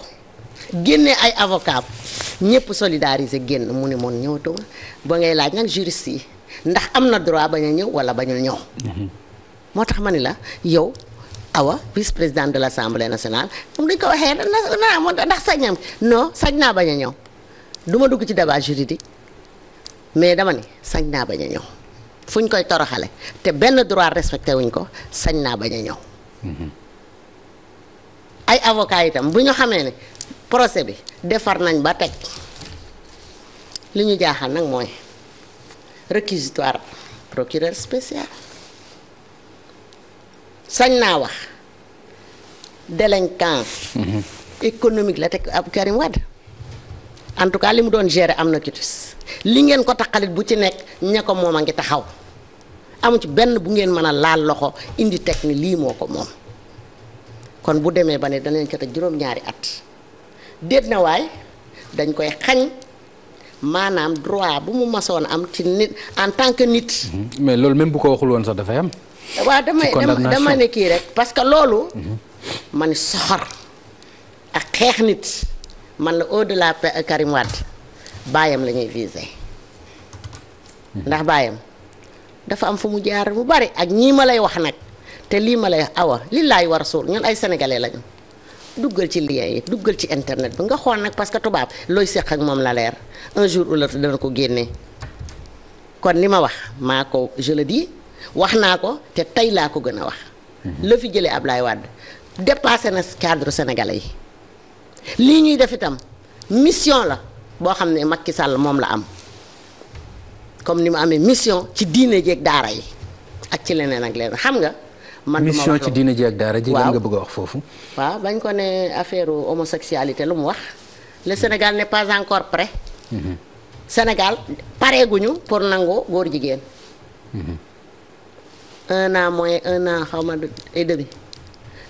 génne ay avocat ñëpp solidariser génn mu ni moon ñëwatuma ba ngay laaj nag juris yi ndax am na droit bañ a ñëw wala bañul ñëw mm-hmm. moo tax ma ni la yow awa vice président de l' assemblée nationale moom dañ ko waxee ndax sañam no sañ naa bañ a ñëw du ma dugg ci débat juridique mais dama ni sañ naa bañ a ñëw fu ñu koy toroxale te benn droit respecté wuñ ko sañ naa bañ a ñëw. Mm-hmm. ay avocat itam bu ñu xamee ne procès bi defar nañ ba teg li ñu jaaxal nag mooy réquisitoire procureur spécial. sañ naa wax délinquant mhm. économique la te ab Karim Wade en tout cas li mu doon gérer am na kitis li ngeen ko taxalit bu ci nekk ña ko moom a ngi taxaw amu ci benn bu ngeen mën a laal loxo indi teg ni lii moo ko moom kon bu demee ba ne danañ ko teg juróom-ñaari at déet na waay dañ koy xañ maanaam droit bu mu masoon am ci nit en tant que nit mhm. mais loolu même bu ko waxul woon sax dafay am waaw damay dama ne kii rek parce que loolu mhm. man soxor ak xeex nit man la au delà Karim Wade baayam lañuy ñuy visé mhm. ndax baayam dafa am fu mu jaar bu bari ak ñii ma lay wax nag te lii ma lay awa lillaay wa rasul ñun ay sénégalais lañu duggal ci lien yi duggal ci internet bi nga xool nag parce que tubaab looy seq ak moom la leer un jour ou dana ko génne kon li ma wax maa ko je le wax naa ko te tey laa ko gën a wax. Mhm. la fi jëlee Ablaye Wade dépassé na cadre sénégalais yi lii ñuy def itam mission la boo xam ne Macky sàll moom la am comme ni mu amee mission ci diine jeeg daara yi ak ci leneen ak leneen xam nga. man du ma mission ci diine ji ak bëgg wax foofu. waaw bañ ko ne affaire homosexualité lu mu wax le Sénégal n'est pas encore prêt. Mhm. Sénégal pareeguñu pour nangoo góor jigéen. Mhm. un an mooy un an xaw ma et demi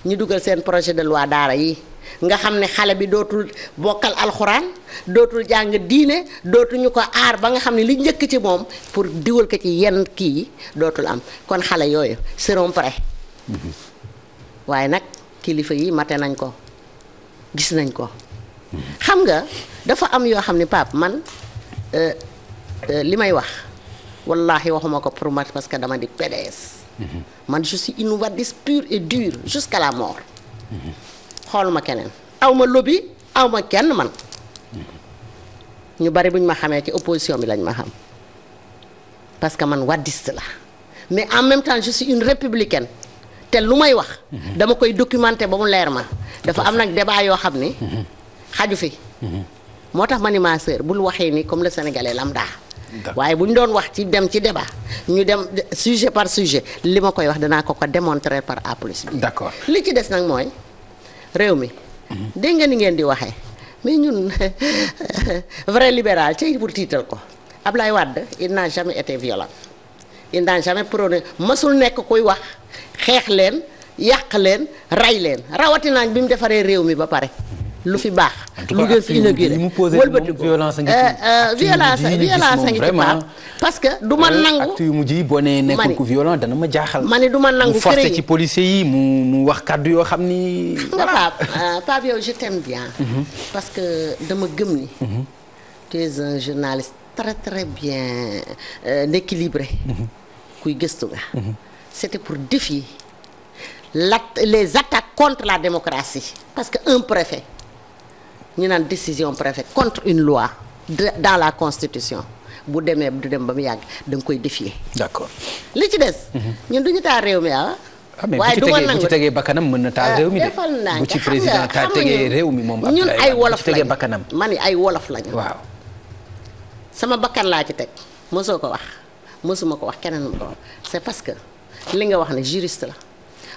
ñu dugal seen projet de loi daara yi nga xam ne xale bi dootul bokkal alxuraan dootul jàng diine dootuñu ko aar ba nga xam ne li njëkk ci moom pour diwal ko ci yenn kii yi dootul am kon xale yooyu seront prêts mm-hmm. waaye nag kilifa yi mate nañ ko gis nañ ko xam nga dafa am yoo xam ne Pape man euh, euh, li may wax wallahi waxuma ko pour ma parce que dama di PDS Mm-hmm. man je suis innovadiste pur et dur jusqu'à la mort mm-hmm. xooluma keneen aw ma lobby aw ma kenn man mm-hmm. ñu bari buñ ma xamee ci opposition bi lañ ma xam parce que man waddiste la mais en même temps je une républicaine te lu may wax dama koy documenter ba mu leer ma dafa am nag débat yoo xam ni xaju fi moo tax ma ni ma bul waxee ni comme le sénégalais lambda waaye bu ñu doon wax ci dem ci débat ñu dem sujet par sujet li ma koy wax danaa ko ko démontrer par A plus B. d'accord li ci des nag mooy réew mi. Mhm. dégg nga ni ngeen di waxee mais ñun vrai libéral ci pour tiital ko Ablaye Wade il n'a jamais été violent il n'a jamais prôné masul nekk kuy wax xeex leen yàq leen rey leen rawatina bi mu defaree réew mi ba pare. lu fi baax. lu ngeen fi inauguré wëlbati ko violence a ngi ci euh, euh, Pape parce que du ma euh, nangu acte yu mujj yi boo nee nekkul ku violent dana ma jaaxal. ma ne du ma nangu mu forcé ci policiers yi mu wax kàddu yoo xam ni. voilà Pape bien. Mhm. parce que dama gëm ni. Mhm. tu es journaliste très très bien équilibré. Mhm. kuy gëstu nga. c'était pour défier les attaques contre la démocratie parce que un préfet. ñu naan décision préfet contre une loi de, dans la constitution bu demee du dem ba mu yàgg danga nga koy défier. d'accord li ci des. Mhm. ñun du ñu taal réew mi ah. ah waaye du ma nangu bu tegee bakkanam mën na taal ah, réew mi de. bu ci président taal tegee réew mi moom. ñun ay wolof lañu bakkanam ma ni ay wolof lañu. waaw sama bakkan laa ci teg mosoo ko wax mosuma ko wax keneen mu ko wax c'est parce que li nga wax ne juriste la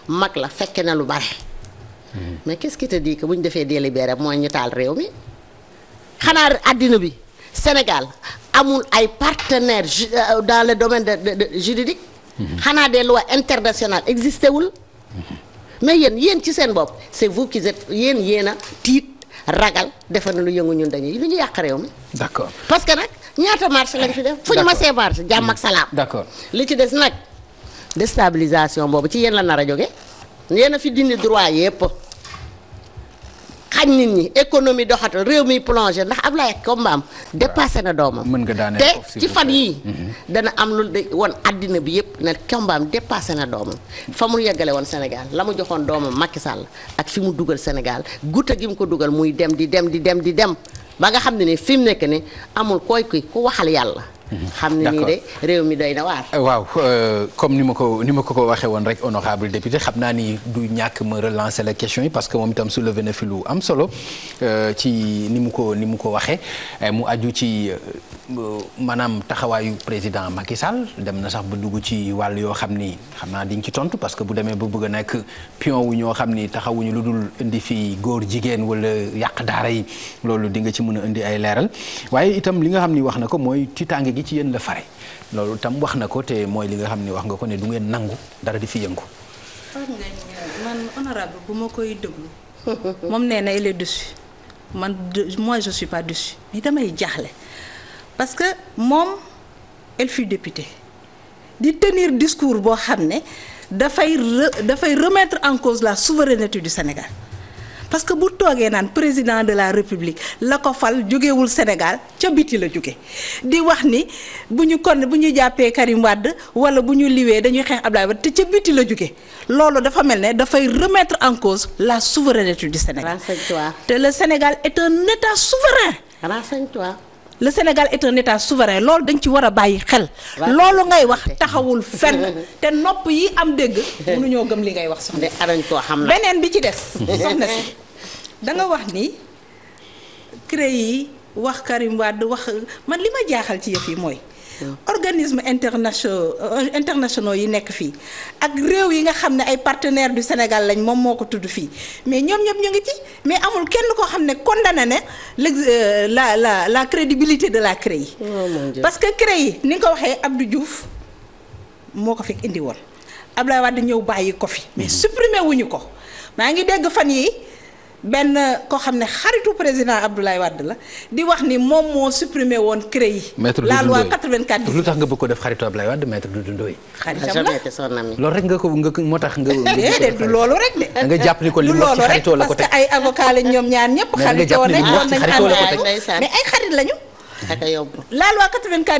mag la fekke na lu bare. mais qu'est-ce qui bu ñu defee délibéré mooy ñu taal réew mi xanaa àddina bi Sénégal amul ay partenaires euh, dans le domaine de de, de juridique. Mhm. xanaa des lois internationales existé wul. Mhm. mais yéen yéen ci seen bopp c'est vous qui êtes yéen yéen a tiit ragal defe na lu yëngu ñun dañuy lu ñu yàq réew mi. d'accord parce que nag ñaata marche lañ fi def. fu ñu ma see marche jàmm ak mhm. salaam. d'accord li ci des nag déstabilisation boobu ci yéen la nar a jógee. yéen a fi dindi droit yépp xañ nit ñi économie doxatal réew mi plongé ndax ab Ablaye Kombaam dépassé na doomam te ci fan yi mhm. dana am lu de woon àddina bi yëpp ne Kombaam dépassé na doomam fa mu yeggale woon Sénégal la mu joxoon doomam Macky Sall ak fi mu dugal Sénégal guta gi mu ko dugal muy dem di dem di dem di dem ba nga xam ne ni fi mu nekk nii amul koy ki ku waxal yàlla Mhm. xam na nii de réew mi doy na waar. waaw euh, comme ni ma ko ni ma ko ko waxee woon rek honorable député xam naa ni du ñàkk ma relancer la question yi parce que moom itam soulevé na fi lu am solo euh, ci ni mu ko ni mu ko waxee euh, mu aju ci maanaam taxawaayu président Macky Sall dem na sax ba dugg ci wàll yoo xam ni xam naa diñ ci tontu parce que bu demee ba bëgg a nekk pion wu ñoo xam ni taxawuñu lu dul indi fi góor jigéen wala yàq daara yi loolu di nga ci mën a indi ay leeral gi ci yéen la fare loolu tam wax na ko te mooy li nga xam ne wax nga ko ne du ngeen nangu dara di fi yëngu. man honorable bu ma koy déglu. moom nee na il est dessus man moi je suis pas dessus mais damay jaaxle parce que moom elle député di tenir discours boo xam ne dafay dafay remettre en cause la souveraineté du Sénégal. parce que bu toogee naan président de la république la ko fal jógewul Sénégal ca biti la jóge di wax ni bu ñu kon bu ñu jàppee Karim Wade wala bu ñu liwee dañuy xeex Abdoulaye Wade te ca biti la jóge loolu dafa mel ne dafay remettre en cause la souveraineté du Sénégal te le Sénégal et un état souverain. Renseigne-toi. le Sénégal est un état souverain loolu dañ ci war a bàyyi xel. loolu ngay wax taxawul fenn te nopp yi am dégg. ñoo gëm li ngay wax soxna si. arañ koo xam na beneen bi ci des. soxna si da nga wax ni CREI yi wax Karim Wade wax man li ma jaaxal ci yëf yi mooy. organisme internationaux euh, internationaux yi nekk fii ak réew yi nga xam ne ay partenaires du Sénégal lañ moom moo ko tudd fii mais ñoom ñëpp ñu ngi ci mais amul kenn koo xam ne condamné ne euh, la la la crédibilité de la CREI. Oh parce que CREI ni nga ko waxee Abdou Diouf moo ko fi indi woon Abdoulaye Wade ñëw bàyyi ko fi. mais mm-hmm. supprimer ko maa ngi dégg fan yi benn koo xam ne xaritu président Abdoulaye Wade la di wax ni moom moo supprimer woon CREI yi. la loi 94. lu tax nga bëgg ko def xaritu Abdoulaye Wade maître Doudou Ndoye. xaritam ah, la loolu rek nga ko moo tax nga. déedéet du loolu rek de. da jàpp ni ko li mu ci xaritoo la ko teg parce que ay avocat la ñoom ñaar ñëpp. xaritoo nañ mais ay xarit lañu. ak la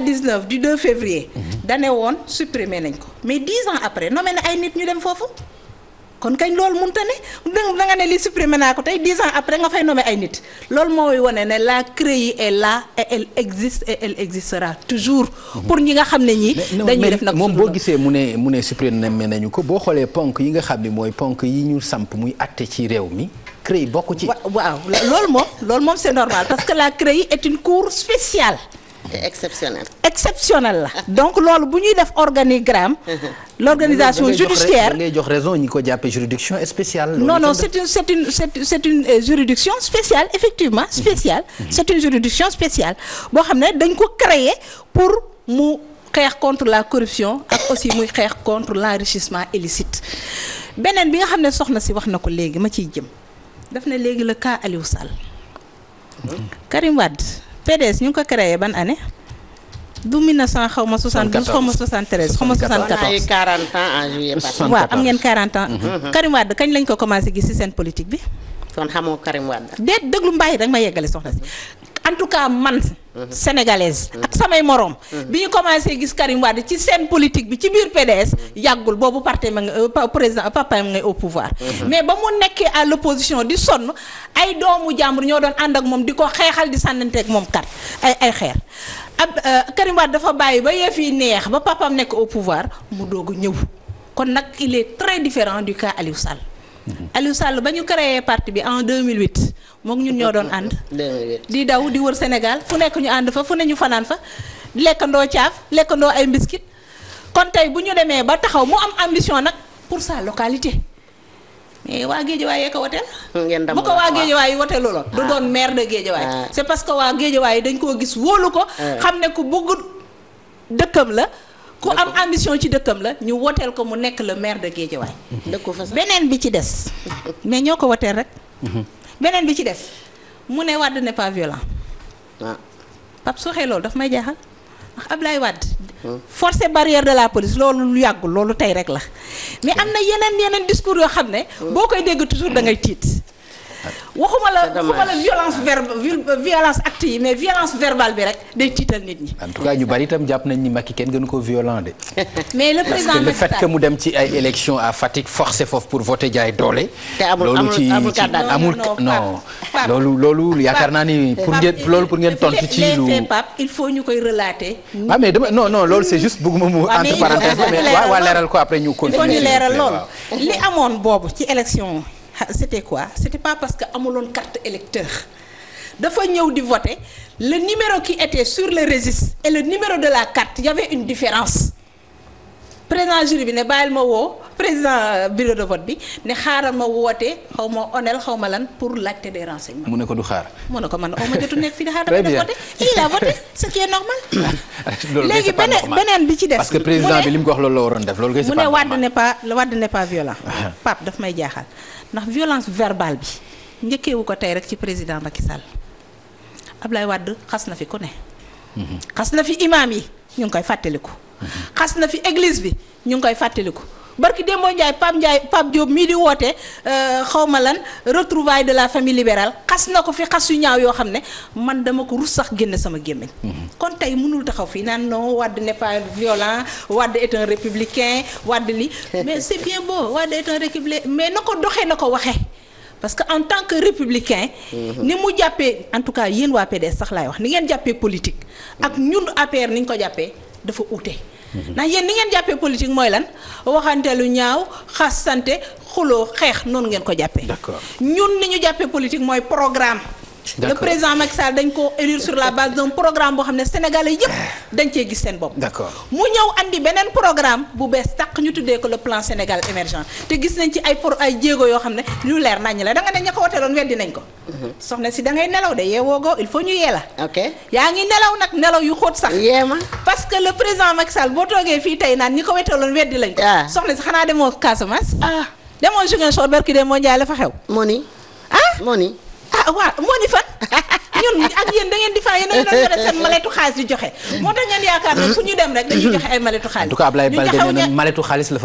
du 2 février. Mhm. dane woon supprimer nañ ko mais 10 ans après nommé na ay nit ñu dem foofu. kon kañ loolu mënta ne da nga ne li supprimé naa ko tey dix ans après nga fay nommer ay nit loolu mooy wane ne la CREI est la et elle existe et elle existera toujours. Mhm. pour ñi nga xam ne ñi dañuy def nag moom boo gisee mu ne mu ne supprimé nañu ko boo xoolee ponk yi nga xam ne mooy ponk yi ñu samp muy atte ci réew mi. CREI bokk ci waaw lool moom lool moom c'est normal parce que la CREI est une cour spéciale. exceptionnel exceptionnel la donc loolu bu ñuy def organigramme l'organisation judiciaire da ngay jox raison ñi ko jàppee juridiction spéciale non non c'est une c'est une euh, juridiction spéciale effectivement mhm. spéciale mhm. c'est une juridiction spéciale boo xam ne dañ ko créer pour mu xeex contre la corruption ak aussi muy xeex contre l'enrichissement illicite beneen bi nga xam ne soxna si wax na ko léegi ma ciy jëm daf ne léegi la cas Aliou Sall mhm. Karim PDS ñu ngi ko créé ban année. du 1900 xaw ma 72 xaw ma 73 xaw ma 74. am ngeen 40 ans. Mhm. Mhm. Karim Wade kañ lañ ko commencé gis ci seen politique bi. kon xamoo Karim Wade. déet déglu mbaay rek ma yeggale soxla si en tout cas man. sénégalaise mhm. ak samay moroom. Mhm. bi ñu commencé gis Karim ci seen politique bi ci biir PDS mhm. yàggul boobu parti ma nga euh, président papaam ngay au pouvoir. mais ba mu nekkee à l'opposition di sonn ay doomu jàmbur ñoo doon ànd ak moom di ko xeexal di sànnanteeg moom kat ay xeer. ab euh, Karim dafa bàyyi ba yëf yi neex ba papaam nekk au pouvoir mu doogu ñëw kon nag il est très différent du cas Aliou Aliou Sall ba ñu créer parti bi en mille 2008 moom ñun ñoo doon ànd. di daw di wër Sénégal fu nekk ñu ànd fa fu ne ñu fanaan fa lekkandoo caaf lekkandoo ay mbiskit kon tey bu ñu demee ba taxaw mu am ambition nag pour sa localité. mais eh, waa Géejawaay yee ko woteel bu ko waa Géejawaay yi woteelu loon du doon maire de Géejawaay ah. c'est parce que waa Géejawaay yi dañ koo gis wóolu ko ah. xam ne ku bëgg dëkkam la ku am ambition ci dëkkam la ñu woteel ko mu nekk le maire de Guédiawaye beneen bi ci des mais ñoo ko woteel rek mhm. beneen bi ci des mu ne Wade n'est pas violent waaw ah. Pape su loolu daf may jaaxal ndax Ablaye Wade hmm. forcer barrière de la police loolu lu yàggul loolu tey rek la mais hmm. am na yeneen yeneen discours yoo xam ne hmm. boo koy dégg toujours da ngay tiit waxuma la waxuma la violence verbale violence acte mais violence verbale bi rek day tiital nit ñi. en tout cas ñu bari tam jàpp nañ ni Macky kenn gënu ko violent de. mais le président parce que le fait que mu dem ci ay élections à Fatick forcé pour voter jaay doole. te amul ci amul non loolu loolu yaakaar naa ni pour ngeen loolu pour ngeen tontu ci lu. il faut ñu koy relater. ah mais dama non non loolu c'est juste bëgguma mu ah, entre parenthèses mais waaw leeral ko après ñu continuer. il faut leeral loolu li amoon boobu ci élection c'était quoi c'était pas parce que amuloon carte électeur dafa ñëw di voter le numéro qui était sur le registre et le numéro de la carte il une différence président jury bi ne bàyyil ma woo président euh, bureau de vote bi ne xaaral ma woote xaw ma onel xaw ma lan pour laajte des renseignements. mu ne ko du xaar. mu ne ko man oma jotu nekk fii di xaar dafa def voté il a voté ce qui est normal. léegi beneen beneen bi ci des. parce que président bi li mu ko wax daf may jaaxal. ndax violence verbale bi njëkkeewu ko tey rek ci président Macky Sall lay wadd xas na fi ku ne. Mhm. xas na fi imaam yi ñu ngi koy fàttaliku. Mhm. xas na fi église bi ñu ngi koy fàttaliku. barki Dembo Ndiaye Pape Ndiaye Pape Diop mii di woote euh, xaw ma lan retrouvaille de la famille libérale xas na ko fi xas yu ñaaw yoo xam ne man dama ko rus sax génne sama gémmiñ kon tey munul taxaw fii naan non wadd n'est pas violent Wade est un républicain Wade li mais c'est bien beau Wade est un mais na ko doxee na ko waxee parce que en tant que républicain. Mhm. ni mu jàppee en tout cas yéen waa PDS sax laay wax ni ngeen jàppee politique. ak ñun APR ni ñu ko jàppee dafa ute. Mhm. ndax yéen ni ngeen jàppee politique mooy lan waxante lu ñaaw xas sante xuloo xeex noonu ngeen ko jàppee. d'accord ñun li ñu jàppee politique mooy programme. le président Macky Sall dañ ko élire sur la base d'un programme boo xam ne sénégalais yëpp dañ cee gis seen bopp mu ñëw andi beneen programme bu bees tàq ñu tuddee ko le plan Sénégal émergent te gis nañ ci ay pro ay jéego yoo xam ne lu leer nañ la da nga ne ña ko woteeloon weddi nañ ko mhm. soxna si da ngay nelaw de yeewoo go il faut ñu yee la yaa ngi nelaw nag nelaw yu xoot sax yeema parce que le président Macky Sall boo toogee fii tey naan ñi ko woteeloon weddi lañ ko ah. xanaa demoo Casamance ah demoo Ziguinchor berki de moo njaay la fa xew moo ni ah? moo ni ah waaw moo ni fan ñun ak yéen da ngeen di fay yéen a yore seen maletu xaalis di joxe moo tax ngeen yaakaar ne fu ñu dem rek dañuy joxe ay maletu xaalis. en tout cas Ablaye Balde nee na maletu xaalis ñu ko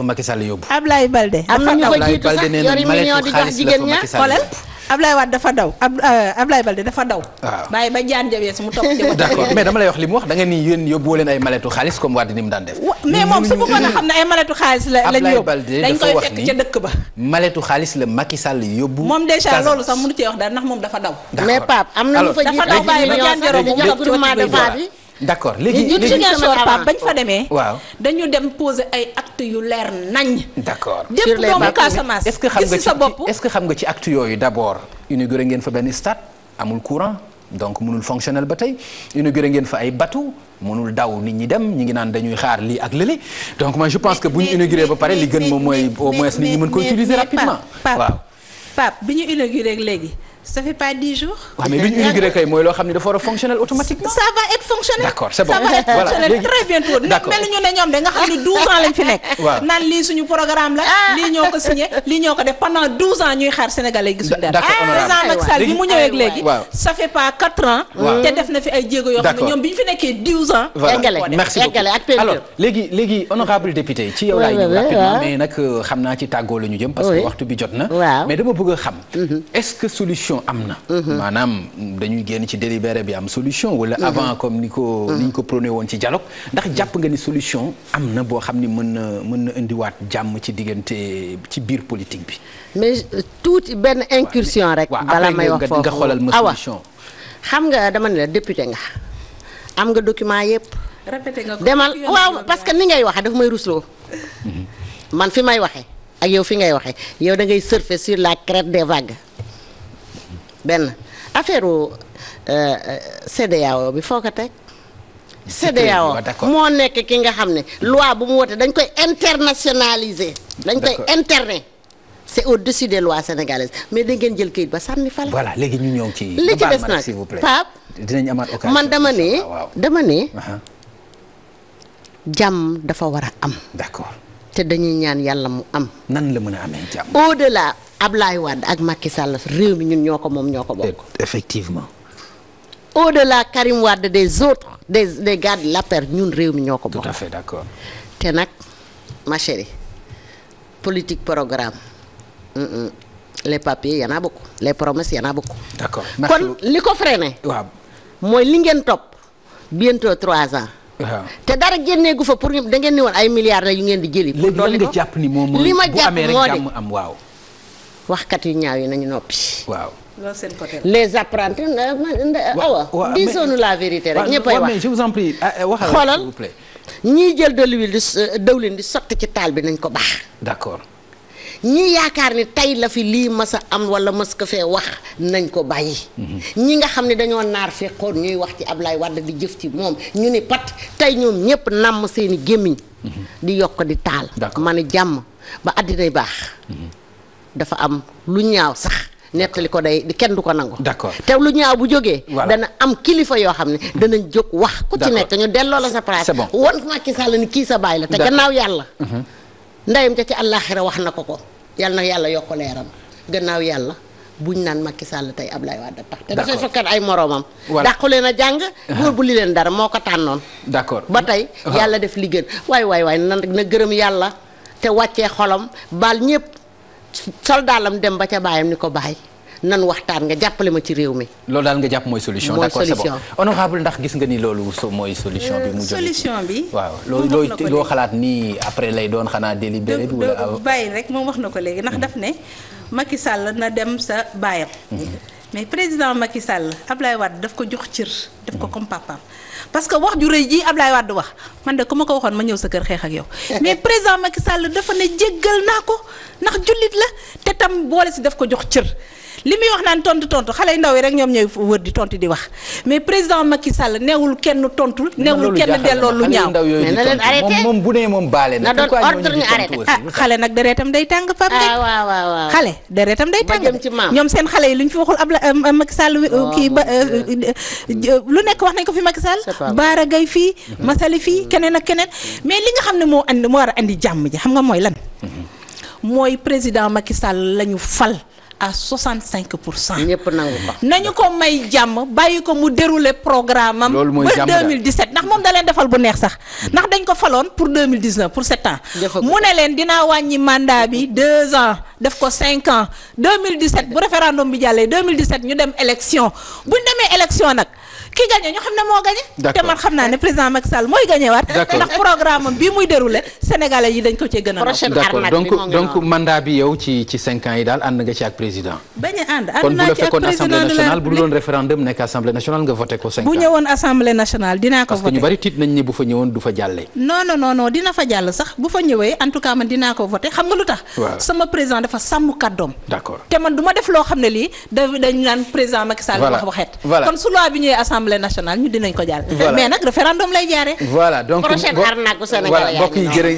jiitu sax yor yi million di jox jigéen ña xoolal. Ablaye Wade dafa daw ab euh, Ablaye Balde dafa daw. waaw ah. bàyyi ba jaan jawee su mu topp ci. d'accord mais dama lay wax li mu wax da nga ni yéen yóbbuwoo leen ay maletu xaalis comme Wade ni mu daan def. mais moom su bëggoon a xam ne ay maletu xaalis la la ñu yóbbu dañ koy fekk ca dëkk ba. maletu xaalis la Macky Sall yóbbu. moom déjà loolu sax mënu ci wax dara ndax moom dafa daw. mais Pape am na mu fa jiitu dafa daw bàyyi ba jaan jaroo bu mu d'accord léegi ñun Ziguinchor Pape bañ fa demee. waaw dañu dem poser ay actes yu leer nañ. d'accord sur les doomu Casamance est-ce que xam nga ci est-ce que xam nga ci actes yooyu d'abord inauguré ngeen fa benn stade amul courant. donc mënul fonctionnel ba tey inauguré ngeen fa ay batu mënul daw nit ñi dem ñi ngi naan dañuy xaar lii ak lële donc moi je pense que bu ñu inauguré ba pare li gën moom mooy au moins nit ñi mën ko utiliser rapidement waaw Pape bi ñu inauguré léegi ça fait pas dix jours. Ah, mooy loo xam ne dafa war a fonctionnel automatiquement. ça va être fonctionnel. fonctionnel très bientôt. d'accord mel ñu ne ñoom de xam ne douze ans lañ fi nekk. naan lii suñu programme la. Ah. lii ñoo ko signé lii ñoo ko def pendant douze ans ñuy xaar Sénégalais yi gisuñu dara. d'accord président Macky Sall bi mu ñëwee ak léegi. ça fait pas quatre ans. te def na fi ay jéego yoo xam ne ñoom bi ñu fi ci yow laay ñëw rapidement mais nag euh, xam naa ci tàggoo la bi jot na mais dama solution am na. Mhm. maanaam dañuy génn ci délibéré bi am solution. wala mhm. avant comme ni ko. Mhm. ni ñu ko prôné woon ci dialogue ndax jàpp nga ni solution am na boo xam ni mën na mën na indiwaat jàmm ci diggante ci biir politique bi. mais euh, tuuti benn incursion rek. bala may wax foofu nga xam nga dama ne la député nga am nga document yëpp. demal waaw parce que ni ngay waxe daf may rusloo. man fi may waxee ak yow fi ngay waxee yow da ngay surfer sur la crête des vagues. benn affaire euh, euh, CEDEAO bi foo ko teg. CEDEAO moo nekk ki nga xam ne loi bu mu wootee dañ koy internationaliser. dañ koy internet c'est au-dessus des lois mais da ngeen jël kayit ba sànni fala voilà léegi ñu ñëw ci. li ci des nag Pape dinañ amaat occasion man dama ne dama ne. Uh-huh. jàmm dafa war a am. d'accord te dañuy ñaan yàlla mu am. nan la mën a amee jàmm. au-delà Ablaye Wade ak Macky Sall réew mi ñun ñoo ko moom ñoo ko bokk. effectivement. de la Karim Wade des autres des des gars de l'APR ñun réew mi ñoo ko bokk. tout à fait te nag ma chérie politique programme. le mm les a beaucoup les promesses y en a beaucoup. kon li ko freiné. waaw mooy li ngeen topp bientôt trois ans. waaw te dara génneegu fa pour da ngeen ni woon ay milliards la yu ngeen di jëli. pour dolli nga jàpp ni moom li ma jàpp moo de am waaw. waxkat yu ñaaw yi nañu noppi. waaw loolu seen côté les apprentis awa. waaw disons-nous la vérité rek. ñëppay wax mais ah, eh, xoolal ñiy jël de di euh, dëwlin sotti ci taal bi nañ ko baax. d'accord. ñi yaakaar ni tey la fi lii mas a am wala mas ko fee wax nañ ko bàyyi. Mhm. ñi nga xam ne dañoo naar fekkoon ñuy wax ci Ablaye Wade di jëf ci moom ñu ni pat tey ñoom ñëpp nàmm seeni gémmiñ. Mhm. di yokk di taal. ma ne jàmm ba àddinay baax. Mhm. dafa am lu ñaaw sax. nettali ko day kenn du ko nangu. d'accord te lu ñaaw bu jógee. dana am kilifa yoo xam ne danañ jóg wax. ku ci nekk ñu delloo la sa place. c'est bon wan Macky Sall ni kii sa baay la. te gannaaw yàlla. Mhm. ndeyam ca ci àllaaxira wax na ko ko yàlla na yàlla yokk leeram gannaaw yàlla. buñ naan Macky Sall tey Ablaye Wade tax te dafay sokkat ay moroomam dàqu leen a jàng uh-huh. góor bu li leen dara moo ko tànnoon d'accord ba tey uh-huh. yàlla def li gën waay waay waay na gërëm yàlla te wàccee xolam baal ñëpp soldaalam dem ba ca baayam ni ko baay nan waxtaan nga jàppale ma ci réew mi. loolu daal nga jàpp mooy solution. mooy solution d'accord c'est nga ni loolu mooy. solution bi mu jógee euh, solution bi. waaw loo loo xalaat nii après lay doon xanaa délibéré. wala bàyyi rek moom wax na ko léegi ndax mm-hmm. daf ne. Macky Sall na dem sa baayam. Mm-hmm. mais président Macky Sall Ablaye Wade daf ko jox cër. daf ko comme papaam. parce que wax ju rëy jii Ablaye Wade wax man de ku ma ko waxoon ma ñëw sa kër xeex ak yow mais président Macky Sall dafa ne jéggal naa ko ndax jullit la te tam boole si daf ko jox cër li muy wax naan tontu tontu xale yu ndaw yi rek ñoom ñooy wër di tontu di wax mais président Macky Sall newul kenn tontu newul kenn delloo lu ñaaw mais na leen arrêté moom bu nee moom baale na doon ordre ñu ah, xale nag deretam day tàng pap ah waaw waaw day tàng ñoom seen xale yi lu ñu fi waxul abla euh, Macky Sall oh, kii ba euh, euh, lu nekk wax nañ ko fi Macky Sall Baara Gaye fii mm-hmm. Masali fii mm-hmm. keneen ak keneen mais li nga xam ne moo andi moo war a indi jàmm ji xam nga mooy lan mm-hmm. mooy président Macky Sall lañu fal à 65 pour cent. ñëpp nangu ko nañu ko may jàmm bàyyi ko mu dérouler programme am. loolu mooy jàmm ba 2017 ndax moom da leen defal bu neex sax. Mm-hmm. ndax dañ ko faloon pour 2019 pour 7 ans. mu ne leen dinaa wàññi mandat bi 2 ans def ko 5 ans 2017 bu référendum bi jàllee 2017 ñu dem élection buñ demee élection nag. ki gagné ñu xam ne moo gagné. te man xam naa ne président Macky mooy gagné waat. ndax programme am muy déroulé sénégalais yi dañ ko cee gën a. prochaine armade nga ci ak président. bañ a ànd ànd naa ci ak bu la assemblée nationale bu doon référendum ko bu ñëwoon assemblée nationale dinaa ko voté. parce bu ñëwoon du fa dina fa jàll sax bu fa ñëwee en tout ko voté xam nga lu tax. sama président dafa sàmm kàddoom. te man du ma assemblée nationale ñu dinañ ko jàll. mais référendum lay jaaree. voilà donc prochaine yi jërë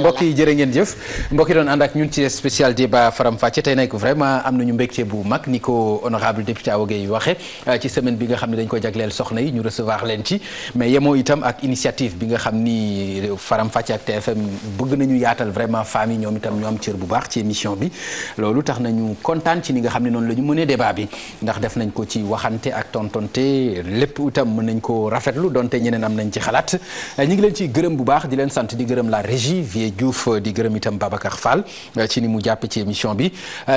mbokk yi jërë ngeen jëf mbokk doon ànd ak ñun ci spécial débat Faram Facce tey nag vraiment am nañu mbégte bu mag ni ko honorable député Awa Gueye waxee euh, ci semaine bi nga xam ne dañ ko jagleel soxna yi ñu recevoir leen ci mais yemoo itam ak initiative bi nga xam ni Faram Facce ak TFM bëgg nañu yaatal vraiment femmes yi ñoom itam ñu am cër bu baax ci émission bi loolu tax nañu kontaan ci ni nga xam ne noonu la ñu mënee bi ndax lépp itam mën nañ ko rafetlu donte ñeneen am nañ ci xalaat ñi ngi leen ci gërëm bu baax di leen sant di gërëm la régie Vieux Diouf di gërëm itam Babacar Fall ci ni mu jàpp ci émission bi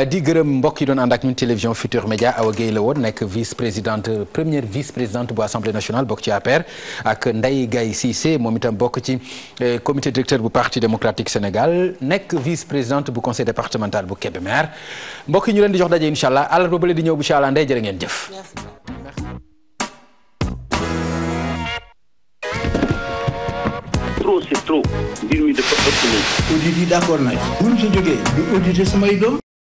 di gërëm mbokk yi doon ànd ak ñun télévision Futur Média Awa Guèye la woon nekk vice présidente première vice présidente bu assemblée nationale bokk ci APR ak Ndeye Gaye Cissé moom itam bokk ci eh, comité directeur bu parti démocratique Sénégal nekk vice présidente bu conseil départemental bu Kébémer mbokk yi ñu leen di jox daje incha allah àllarba trop c'est trop mbir mi dafa ëpp léegi. auditeurs yi d'accord nañ. bu ñu si jógee du auditer samay doom.